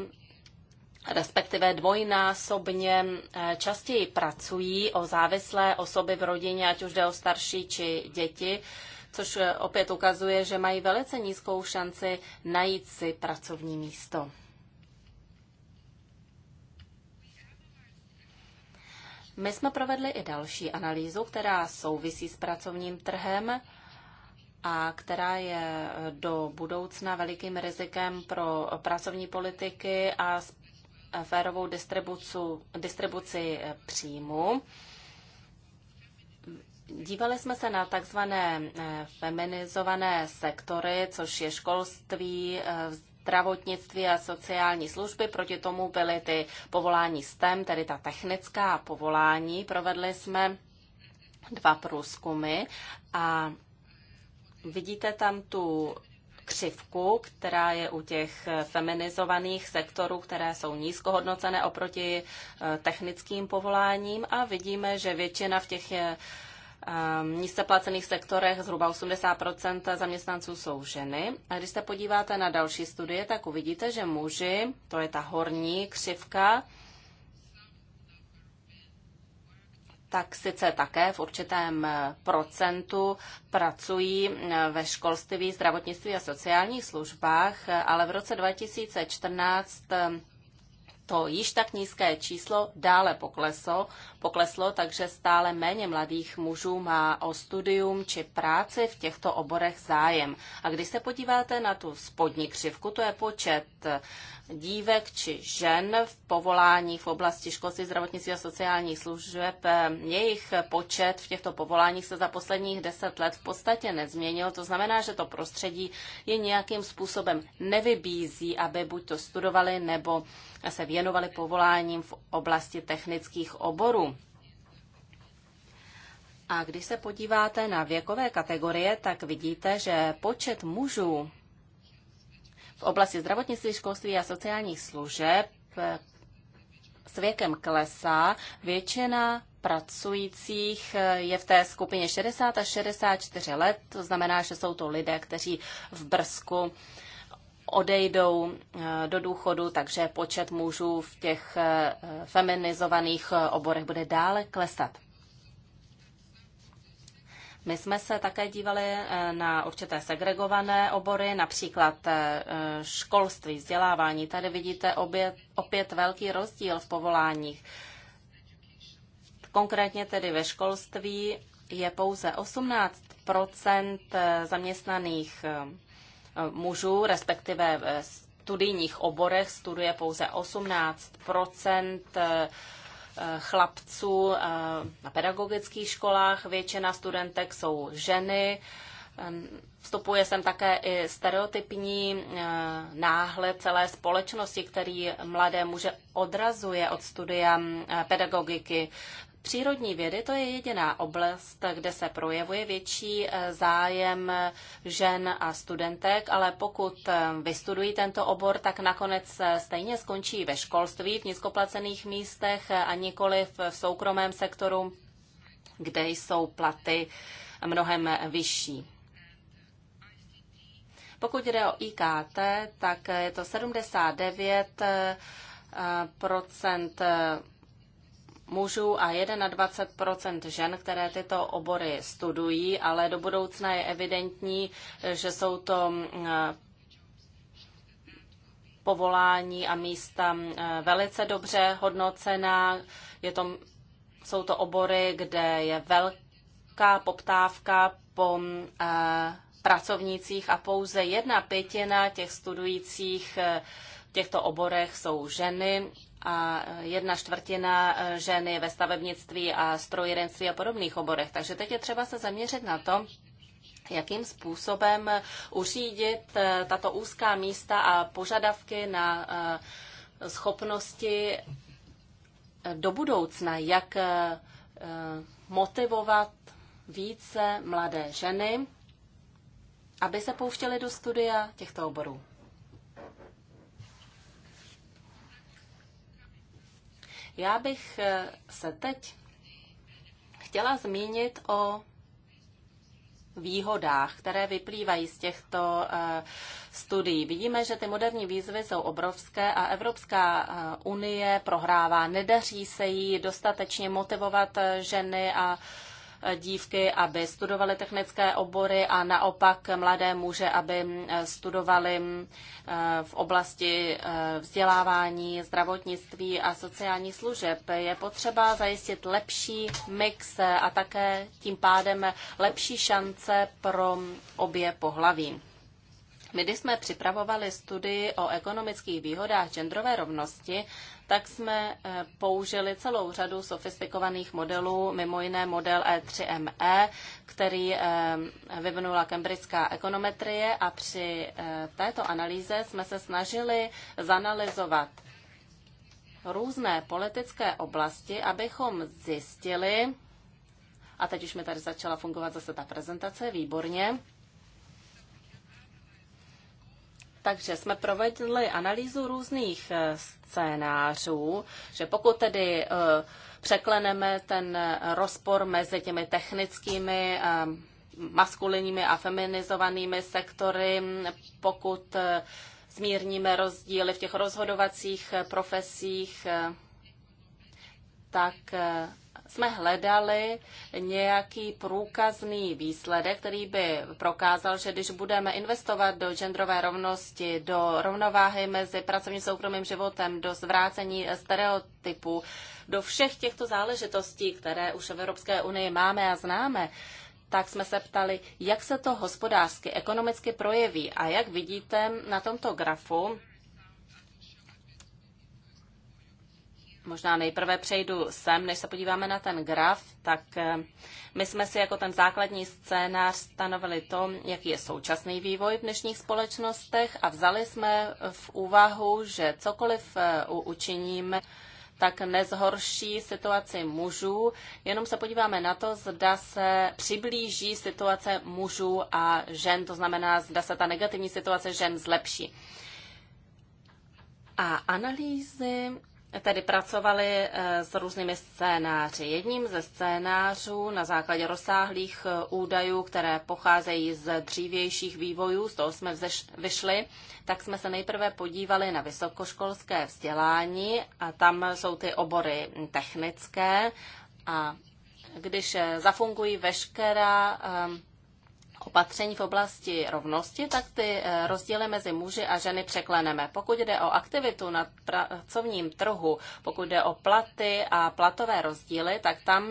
respektive dvojnásobně eh, častěji pracují o závislé osoby v rodině, ať už jde o starší či děti, což eh, opět ukazuje, že mají velice nízkou šanci najít si pracovní místo. My jsme provedli i další analýzu, která souvisí s pracovním trhem a která je eh, do budoucna velikým rizikem pro pracovní politiky a férovou distribuci eh, příjmu. Dívali jsme se na takzvané eh, feminizované sektory, což je školství, eh, zdravotnictví a sociální služby. Proti tomu byly ty povolání STEM, tedy ta technická povolání. Provedli jsme dva průzkumy a vidíte tam tu křivku, která je u těch feminizovaných sektorů, které jsou nízkohodnocené oproti eh, technickým povoláním a vidíme, že většina v těch eh, eh, nízce placených sektorech zhruba 80 zaměstnanců jsou ženy. A když se podíváte na další studie, tak uvidíte, že muži, to je ta horní křivka, tak sice také v určitém eh, procentu pracují eh, ve školství, zdravotnictví a sociálních službách, eh, ale v roce 2014 to již tak nízké číslo dále pokleslo, pokleslo, takže stále méně mladých mužů má o studium či práci v těchto oborech zájem. A když se podíváte na tu spodní křivku, to je počet dívek či žen v povolání v oblasti školství, zdravotnictví a sociálních služeb. Jejich počet v těchto povoláních se za posledních deset let v podstatě nezměnil. To znamená, že to prostředí je nějakým způsobem nevybízí, aby buď to studovali nebo se věnovali povoláním v oblasti technických oborů. A když se podíváte na věkové kategorie, tak vidíte, že počet mužů v oblasti zdravotnictví, školství a sociálních služeb s věkem klesá. Většina pracujících je v té skupině 60 až 64 let, to znamená, že jsou to lidé, kteří v Brzku odejdou eh, do důchodu, takže počet mužů v těch eh, feminizovaných oborech bude dále klesat. My jsme se také dívali eh, na určité segregované obory, například eh, školství, vzdělávání. Tady vidíte obě, opět velký rozdíl v povoláních. Konkrétně tedy ve školství je pouze 18 eh, zaměstnaných mužů, respektive v studijních oborech studuje pouze 18 chlapců eh, na pedagogických školách, většina studentek jsou ženy. Vstupuje sem také i stereotypní eh, náhled celé společnosti, který mladé muže odrazuje od studia eh, pedagogiky. Přírodní vědy to je jediná oblast, kde se projevuje větší eh, zájem eh, žen a studentek, ale pokud eh, vystudují tento obor, tak nakonec stejně skončí ve školství, v nízkoplacených místech a nikoli v soukromém sektoru, kde jsou platy mnohem vyšší. Pokud jde o IKT, tak je to 79 procent mužů a 21 žen, které tyto obory studují, ale do budoucna je evidentní, že jsou to mm, eh, povolání a místa mm, eh, velice dobře hodnocená. Je to, jsou to obory, kde je velká poptávka po mm, eh, pracovnících a pouze jedna pětina těch studujících v těchto oborech jsou ženy a jedna čtvrtina eh, ženy ve stavebnictví a strojírenství a podobných oborech. Takže teď je třeba se zaměřit na to, jakým způsobem eh, uřídit eh, tato úzká místa a požadavky na schopnosti do budoucna, jak motivovat více mladé ženy, aby se pouštěly do studia těchto oborů. Já bych eh, se teď chtěla zmínit o výhodách, které vyplývají z těchto eh, studií. Vidíme, že ty moderní výzvy jsou obrovské a Evropská eh, unie prohrává. Nedaří se jí dostatečně motivovat ženy a dívky, aby studovali technické obory a naopak mladé muže, aby eh, studovali eh, v oblasti eh, vzdělávání, zdravotnictví a sociální služeb. Je potřeba zajistit lepší mix a také tím pádem lepší šance pro obě pohlaví. My, když jsme připravovali studii o ekonomických výhodách genderové rovnosti, tak jsme eh, použili celou řadu sofistikovaných modelů, mimo jiné model E3ME, e, který eh, vyvinula Cambridgeská ekonometrie a při eh, této analýze jsme se snažili zanalizovat různé politické oblasti, abychom zjistili, a teď už mi tady začala fungovat zase ta prezentace, výborně, takže jsme provedli analýzu různých eh, scénářů, že pokud tedy eh, překleneme ten eh, rozpor mezi těmi technickými maskulinními a feminizovanými sektory, pokud zmírníme rozdíly v těch rozhodovacích profesích, tak jsme hledali nějaký průkazný výsledek, který by prokázal, že když budeme investovat do genderové rovnosti, do rovnováhy mezi pracovním soukromým životem, do zvrácení stereotypů, do všech těchto záležitostí, které už v Evropské unii máme a známe, tak jsme se ptali, jak se to hospodářsky, ekonomicky projeví. A jak vidíte na tomto grafu, Možná nejprve přejdu sem, než se podíváme na ten graf, tak eh, my jsme si jako ten základní scénář stanovili to, jaký je současný vývoj v dnešních společnostech a vzali jsme v úvahu, že cokoliv eh, učiníme, tak nezhorší situaci mužů, jenom se podíváme na to, zda se přiblíží situace mužů a žen, to znamená, zda se ta negativní situace žen zlepší. A analýzy tedy pracovali eh, s různými scénáři. Jedním ze scénářů na základě rozsáhlých eh, údajů, které pocházejí z dřívějších vývojů, z toho jsme vyšli, tak jsme se nejprve podívali na vysokoškolské vzdělání a tam jsou ty obory technické a když eh, zafungují veškerá ehm, opatření v oblasti rovnosti, tak ty eh, rozdíly mezi muži a ženy překleneme. Pokud jde o aktivitu na pracovním trhu, pokud jde o platy a platové rozdíly, tak tam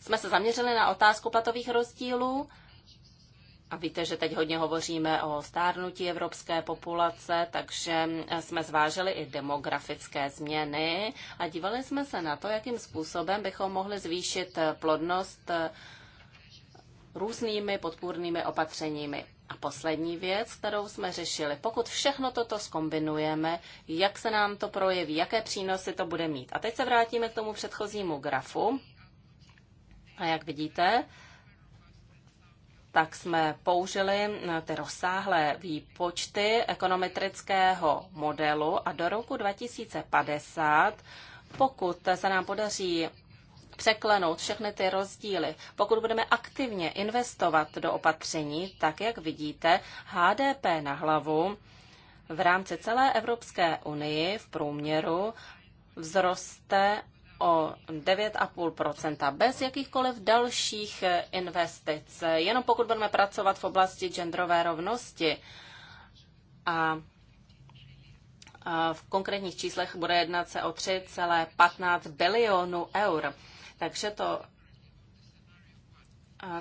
jsme se zaměřili na otázku platových rozdílů. A víte, že teď hodně hovoříme o stárnutí evropské populace, takže eh, jsme zvážili i demografické změny a dívali jsme se na to, jakým způsobem bychom mohli zvýšit eh, plodnost různými podpůrnými opatřeními. A poslední věc, kterou jsme řešili, pokud všechno toto skombinujeme, jak se nám to projeví, jaké přínosy to bude mít. A teď se vrátíme k tomu předchozímu grafu. A jak vidíte, tak jsme použili eh, ty rozsáhlé výpočty ekonometrického modelu a do roku 2050, pokud se nám podaří překlenout všechny ty rozdíly. Pokud budeme aktivně investovat do opatření, tak jak vidíte, HDP na hlavu v rámci celé Evropské unii v průměru vzroste o 9,5 bez jakýchkoliv dalších investic. Jenom pokud budeme pracovat v oblasti genderové rovnosti a v konkrétních číslech bude jednat se o 3,15 bilionu eur. Takže to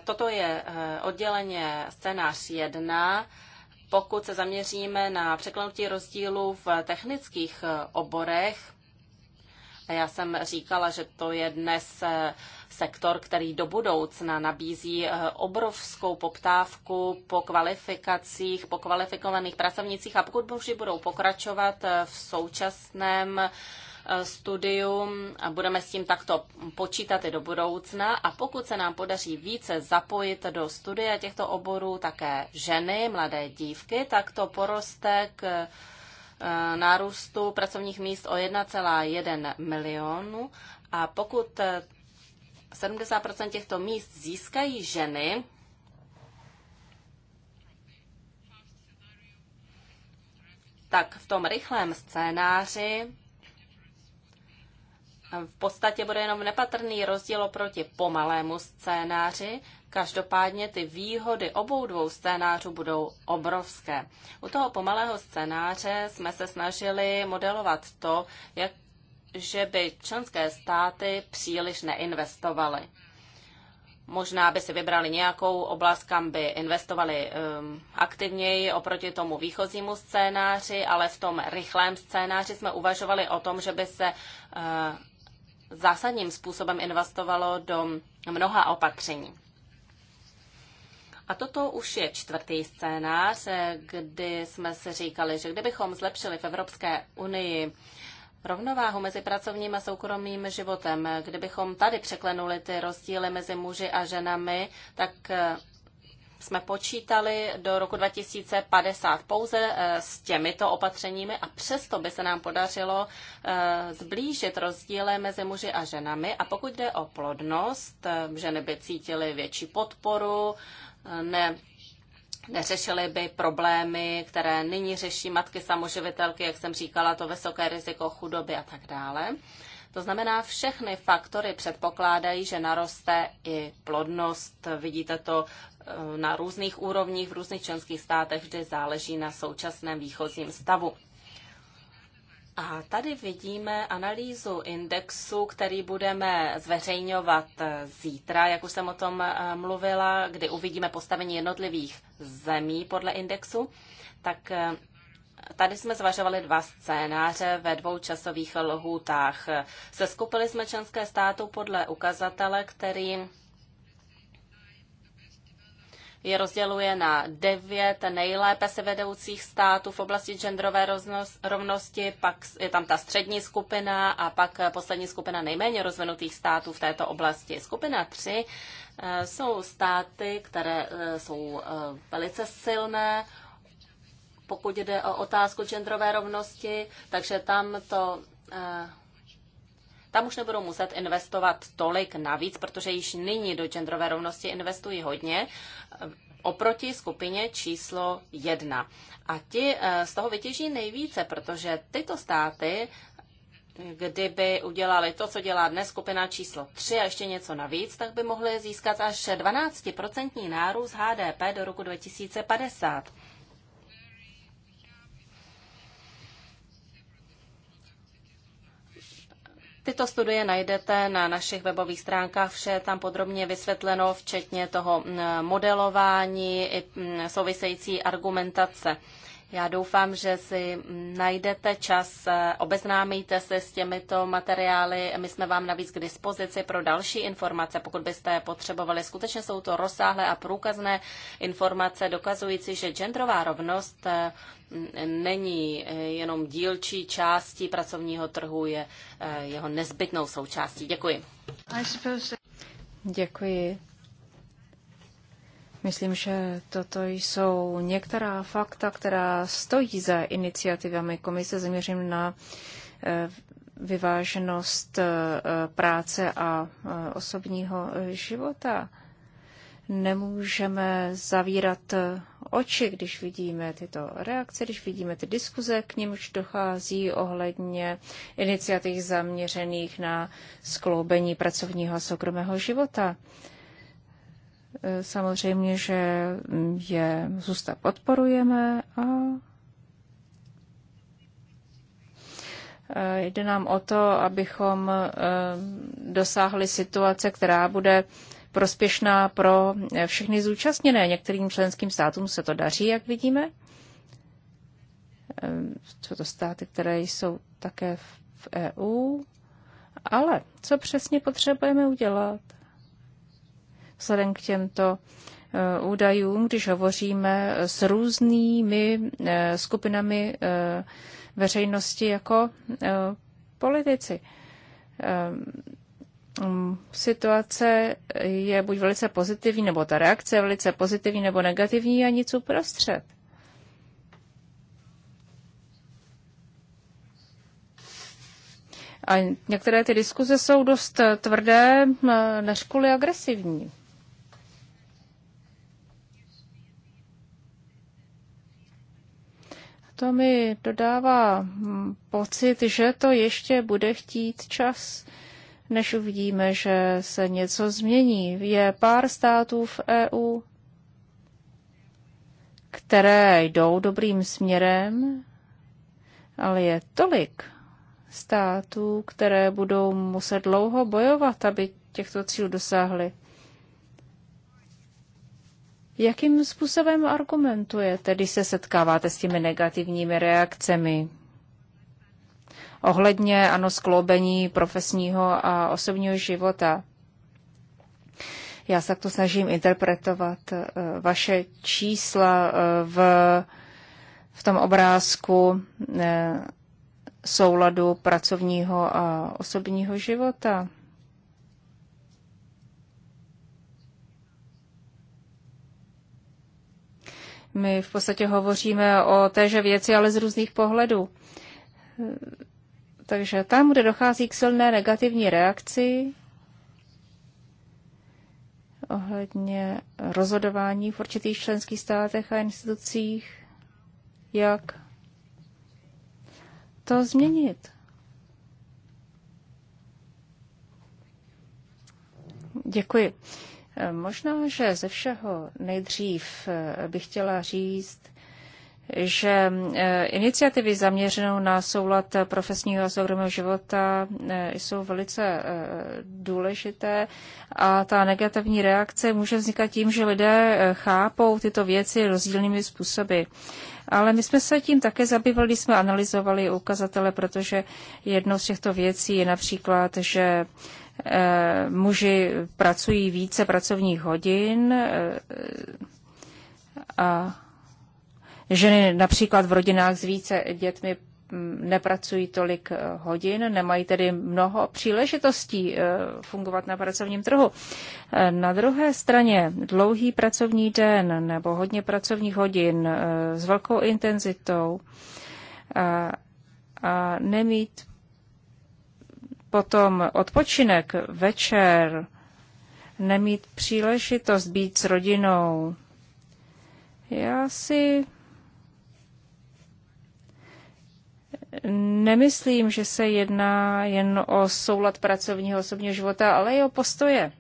Toto je e, odděleně scénář 1. Pokud se zaměříme na překlenutí rozdílů v technických e, oborech, já jsem říkala, že to je dnes e, sektor, který do budoucna nabízí obrovskou poptávku po kvalifikacích, po kvalifikovaných pracovnicích a pokud muži budou pokračovat v současném studium a budeme s tím takto počítat i do budoucna. A pokud se nám podaří více zapojit do studia těchto oborů také ženy, mladé dívky, tak to poroste k e, nárůstu pracovních míst o 1,1 milionu. A pokud 70 e, těchto míst získají ženy, tak v tom rychlém scénáři v podstatě bude jenom nepatrný rozdíl oproti pomalému scénáři. Každopádně ty výhody obou dvou scénářů budou obrovské. U toho pomalého scénáře jsme se snažili modelovat to, jak, že by členské státy příliš neinvestovaly. Možná by si vybrali nějakou oblast, kam by investovali um, aktivněji oproti tomu výchozímu scénáři, ale v tom rychlém scénáři jsme uvažovali o tom, že by se uh, zásadním způsobem investovalo do mnoha opatření. A toto už je čtvrtý scénář, kdy jsme si říkali, že kdybychom zlepšili v Evropské unii rovnováhu mezi pracovním a soukromým životem, kdybychom tady překlenuli ty rozdíly mezi muži a ženami, tak jsme počítali do roku 2050 pouze eh, s těmito opatřeními a přesto by se nám podařilo eh, zblížit rozdíly mezi muži a ženami. A pokud jde o plodnost, eh, ženy by cítily větší podporu, ne, neřešily by problémy, které nyní řeší matky samoživitelky, jak jsem říkala, to vysoké riziko chudoby a tak dále. To znamená, všechny faktory předpokládají, že naroste i plodnost. Vidíte to eh, na různých úrovních, v různých členských státech, vždy záleží na současném výchozím stavu. A tady vidíme analýzu indexu, který budeme zveřejňovat eh, zítra, jak už jsem o tom eh, mluvila, kdy uvidíme postavení jednotlivých zemí podle indexu. Tak Tady jsme zvažovali dva scénáře ve dvou časových lhůtách. Seskupili jsme členské státu podle ukazatele, který je rozděluje na devět nejlépe se vedoucích států v oblasti genderové rovnosti, pak je tam ta střední skupina a pak poslední skupina nejméně rozvinutých států v této oblasti. Skupina tři eh, jsou státy, které eh, jsou eh, velice silné pokud jde o otázku genderové rovnosti, takže tam to eh, tam už nebudou muset investovat tolik navíc, protože již nyní do genderové rovnosti investují hodně eh, oproti skupině číslo jedna. A ti eh, z toho vytěží nejvíce, protože tyto státy, kdyby udělali to, co dělá dnes skupina číslo 3 a ještě něco navíc, tak by mohly získat až 12% nárůst HDP do roku 2050. Tyto studie najdete na našich webových stránkách, vše je tam podrobně vysvětleno, včetně toho modelování i související argumentace. Já doufám, že si najdete čas, eh, obeznámíte se s těmito materiály. My jsme vám navíc k dispozici pro další informace, pokud byste je potřebovali. Skutečně jsou to rozsáhlé a průkazné informace dokazující, že genderová rovnost eh, není eh, jenom dílčí částí pracovního trhu, je jeho nezbytnou součástí. Děkuji. Děkuji. Myslím, že toto jsou některá fakta, která stojí za iniciativami komise. Zaměřím na eh, vyváženost eh, práce a eh, osobního života. Nemůžeme zavírat oči, když vidíme tyto reakce, když vidíme ty diskuze, k nimž dochází ohledně iniciativ zaměřených na skloubení pracovního a soukromého života. Samozřejmě, že je zůsta podporujeme a jde nám o to, abychom eh, dosáhli situace, která bude prospěšná pro všechny zúčastněné. Některým členským státům se to daří, jak vidíme. Eh, jsou to státy, které jsou také v EU. Ale co přesně potřebujeme udělat? vzhledem k těmto eh, údajům, když hovoříme s různými eh, skupinami eh, veřejnosti jako politici. Mm, situace je buď velice pozitivní, nebo ta reakce je velice pozitivní nebo negativní a nic uprostřed. A některé ty diskuze jsou dost tvrdé, než kvůli agresivní. To mi dodává hm, pocit, že to ještě bude chtít čas, než uvidíme, že se něco změní. Je pár států v EU, které jdou dobrým směrem, ale je tolik států, které budou muset dlouho bojovat, aby těchto cílů dosáhly. Jakým způsobem argumentujete, když se setkáváte s těmi negativními reakcemi? Ohledně, ano, skloubení profesního a osobního života. Já se takto snažím interpretovat eh, vaše čísla eh, v, v tom obrázku eh, souladu pracovního a osobního života. My v podstatě hovoříme o téže věci, ale z různých pohledů. Takže tam, kde dochází k silné negativní reakci ohledně rozhodování v určitých členských státech a institucích, jak to změnit. Děkuji. Možná, že ze všeho nejdřív eh, bych chtěla říct, že eh, iniciativy zaměřenou na soulad profesního a soukromého života eh, jsou velice důležité a ta negativní reakce může vznikat tím, že lidé chápou tyto věci rozdílnými způsoby. Ale my jsme se tím také zabývali, jsme analyzovali ukazatele, protože jedno z těchto věcí je například, že Eh, muži pracují více pracovních hodin eh, a ženy například v rodinách s více dětmi mm, nepracují tolik eh, hodin, nemají tedy mnoho příležitostí fungovat na pracovním trhu. Na druhé straně dlouhý pracovní den nebo hodně pracovních hodin s velkou intenzitou a, a nemít potom odpočinek večer, nemít příležitost být s rodinou. Já si nemyslím, že se jedná jen o soulad pracovního osobního života, ale i o postoje.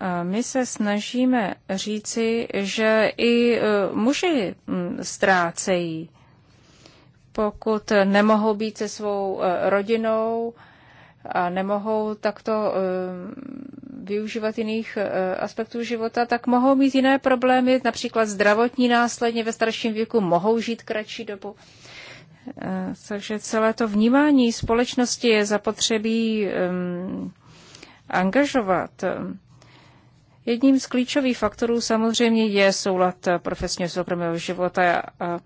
A my se snažíme říci, že i e, muži ztrácejí pokud nemohou být se svou eh, rodinou a nemohou takto eh, využívat jiných eh, aspektů života, tak mohou mít jiné problémy, například zdravotní následně ve starším věku, mohou žít kratší dobu. Takže celé to vnímání společnosti je zapotřebí um, angažovat. Jedním z klíčových faktorů samozřejmě je soulad profesního soukromého života a, a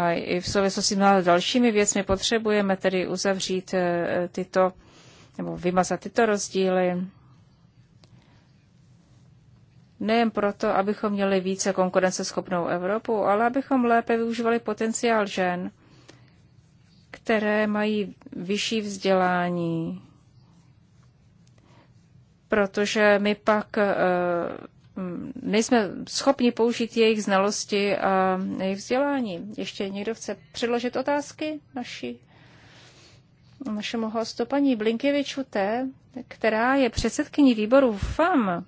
a i v souvislosti s mnoha dalšími věcmi potřebujeme tedy uzavřít eh, tyto nebo vymazat tyto rozdíly. Nejen proto, abychom měli více konkurenceschopnou Evropu, ale abychom lépe využívali potenciál žen, které mají vyšší vzdělání, protože my pak eh, Mm, nejsme schopni použít jejich znalosti a jejich vzdělání. Ještě někdo chce předložit otázky naši, našemu hostu paní Blinkevičuté, která je předsedkyní výboru FAM,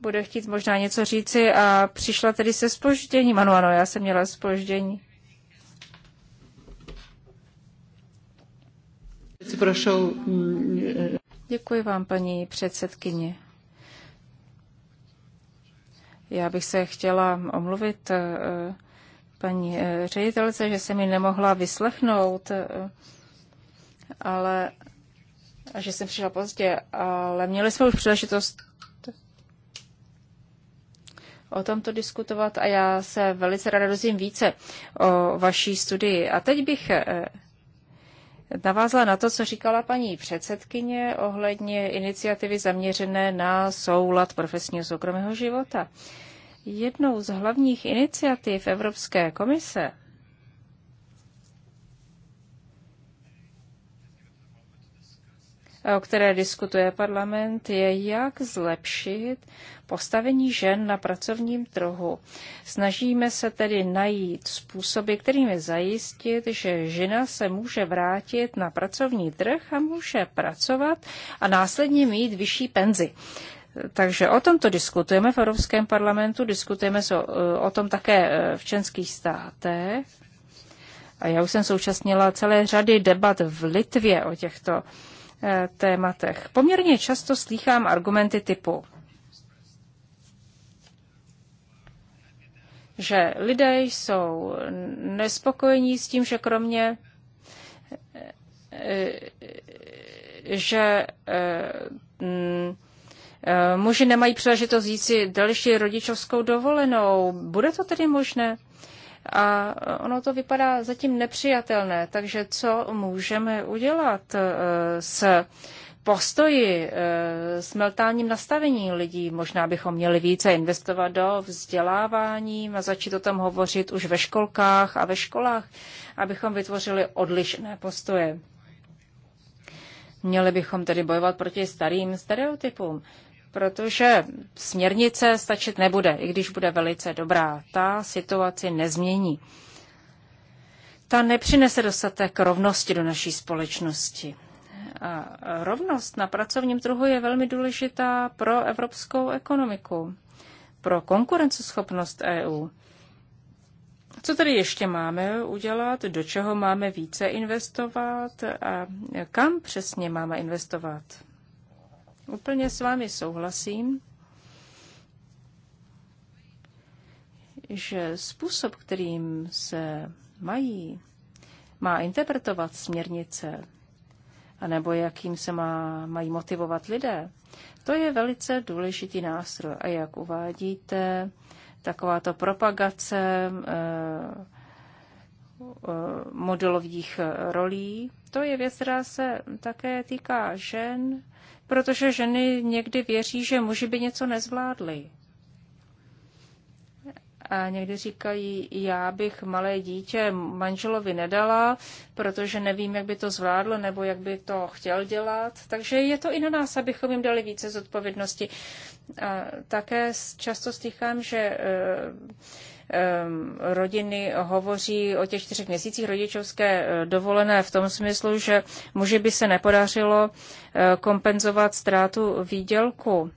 bude chtít možná něco říci a přišla tedy se spožděním. Ano, ano, já jsem měla spoždění. Mm, Děkuji vám, paní předsedkyně. Já bych se chtěla omluvit eh, paní eh, ředitelce, že se mi nemohla vyslechnout, eh, ale a že jsem přišla pozdě, ale měli jsme už příležitost o tomto diskutovat a já se velice ráda dozvím více o vaší studii. A teď bych navázala na to, co říkala paní předsedkyně ohledně iniciativy zaměřené na soulad profesního soukromého života. Jednou z hlavních iniciativ Evropské komise o které diskutuje parlament, je, jak zlepšit postavení žen na pracovním trhu. Snažíme se tedy najít způsoby, kterými zajistit, že žena se může vrátit na pracovní trh a může pracovat a následně mít vyšší penzi. Takže o tomto diskutujeme v Evropském parlamentu, diskutujeme o tom také e, v členských státech. A já už jsem současnila celé řady debat v Litvě o těchto Eh, tématech. Poměrně často slýchám argumenty typu, že lidé jsou nespokojení s tím, že kromě eh, že eh, mm, muži nemají příležitost jít si další rodičovskou dovolenou. Bude to tedy možné? A ono to vypadá zatím nepřijatelné, takže co můžeme udělat eh, s postoji, eh, s meltáním nastavení lidí. Možná bychom měli více investovat do vzdělávání a začít o tom hovořit už ve školkách a ve školách, abychom vytvořili odlišné postoje. Měli bychom tedy bojovat proti starým stereotypům protože směrnice stačit nebude, i když bude velice dobrá. Ta situaci nezmění. Ta nepřinese dostatek rovnosti do naší společnosti. A rovnost na pracovním trhu je velmi důležitá pro evropskou ekonomiku, pro konkurenceschopnost EU. Co tedy ještě máme udělat, do čeho máme více investovat a kam přesně máme investovat? Úplně s vámi souhlasím, že způsob, kterým se mají, má interpretovat směrnice, anebo jakým se má, mají motivovat lidé, to je velice důležitý nástroj. A jak uvádíte, takováto propagace eh, eh, modelových rolí. To je věc, která se také týká žen, protože ženy někdy věří, že muži by něco nezvládli. A někdy říkají, já bych malé dítě manželovi nedala, protože nevím, jak by to zvládlo, nebo jak by to chtěl dělat. Takže je to i na nás, abychom jim dali více zodpovědnosti. A také často slychám, že eh, rodiny hovoří o těch čtyřech měsících rodičovské eh, dovolené v tom smyslu, že muži by se nepodařilo eh, kompenzovat ztrátu výdělku,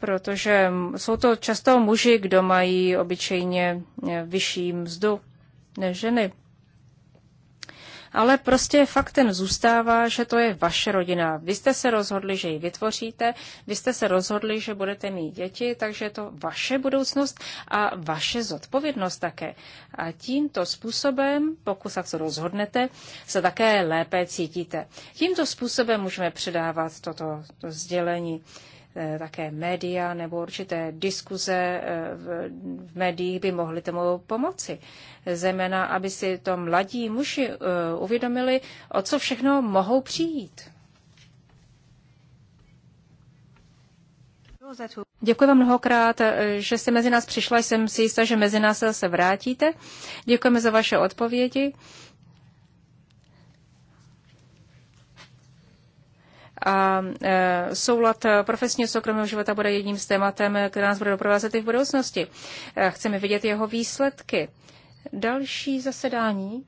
protože jsou to často muži, kdo mají obyčejně eh, vyšší mzdu než ženy ale prostě faktem zůstává, že to je vaše rodina. Vy jste se rozhodli, že ji vytvoříte, vy jste se rozhodli, že budete mít děti, takže je to vaše budoucnost a vaše zodpovědnost také. A tímto způsobem, pokud se to rozhodnete, se také lépe cítíte. Tímto způsobem můžeme předávat toto to sdělení. Eh, také média nebo určité diskuze eh, v médiích by mohly tomu pomoci. Zejména, aby si to mladí muži eh, uvědomili, o co všechno mohou přijít. Děkuji vám mnohokrát, že jste mezi nás přišla. Jsem si jistá, že mezi nás se vrátíte. Děkujeme za vaše odpovědi. A e, soulad profesního soukromého života bude jedním z tématem, které nás bude doprovázet i v budoucnosti. E, chceme vidět jeho výsledky. Další zasedání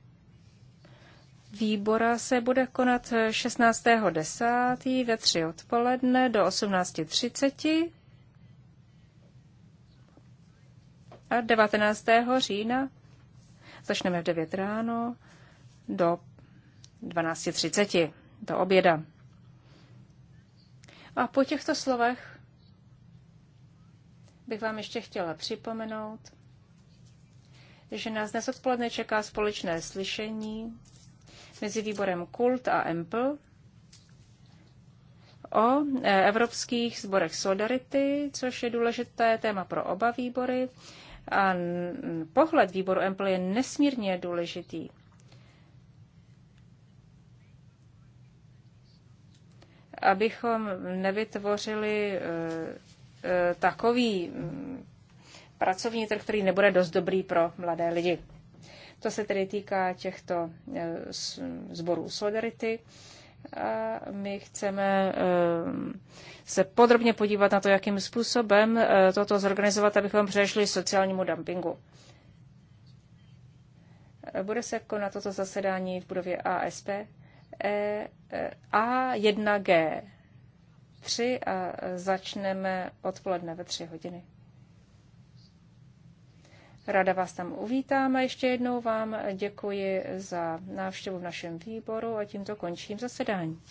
výbora se bude konat 16.10. ve 3 odpoledne do 18.30 a 19. října začneme v 9 ráno do 12.30, do oběda. A po těchto slovech bych vám ještě chtěla připomenout, že nás dnes odpoledne čeká společné slyšení mezi výborem Kult a EMPL o e, Evropských sborech Solidarity, což je důležité téma pro oba výbory. A pohled výboru EMPL je nesmírně důležitý. abychom nevytvořili eh, eh, takový mm, pracovní trh, který nebude dost dobrý pro mladé lidi. To se tedy týká těchto eh, sborů Solidarity. A my chceme se podrobně podívat na to, jakým způsobem toto zorganizovat, abychom přešli sociálnímu dumpingu. Bude se konat toto zasedání v budově ASP E, e A1G3 a začneme odpoledne ve 3 hodiny. Ráda vás tam uvítám a Ještě jednou vám děkuji za návštěvu v našem výboru a tímto končím zasedání.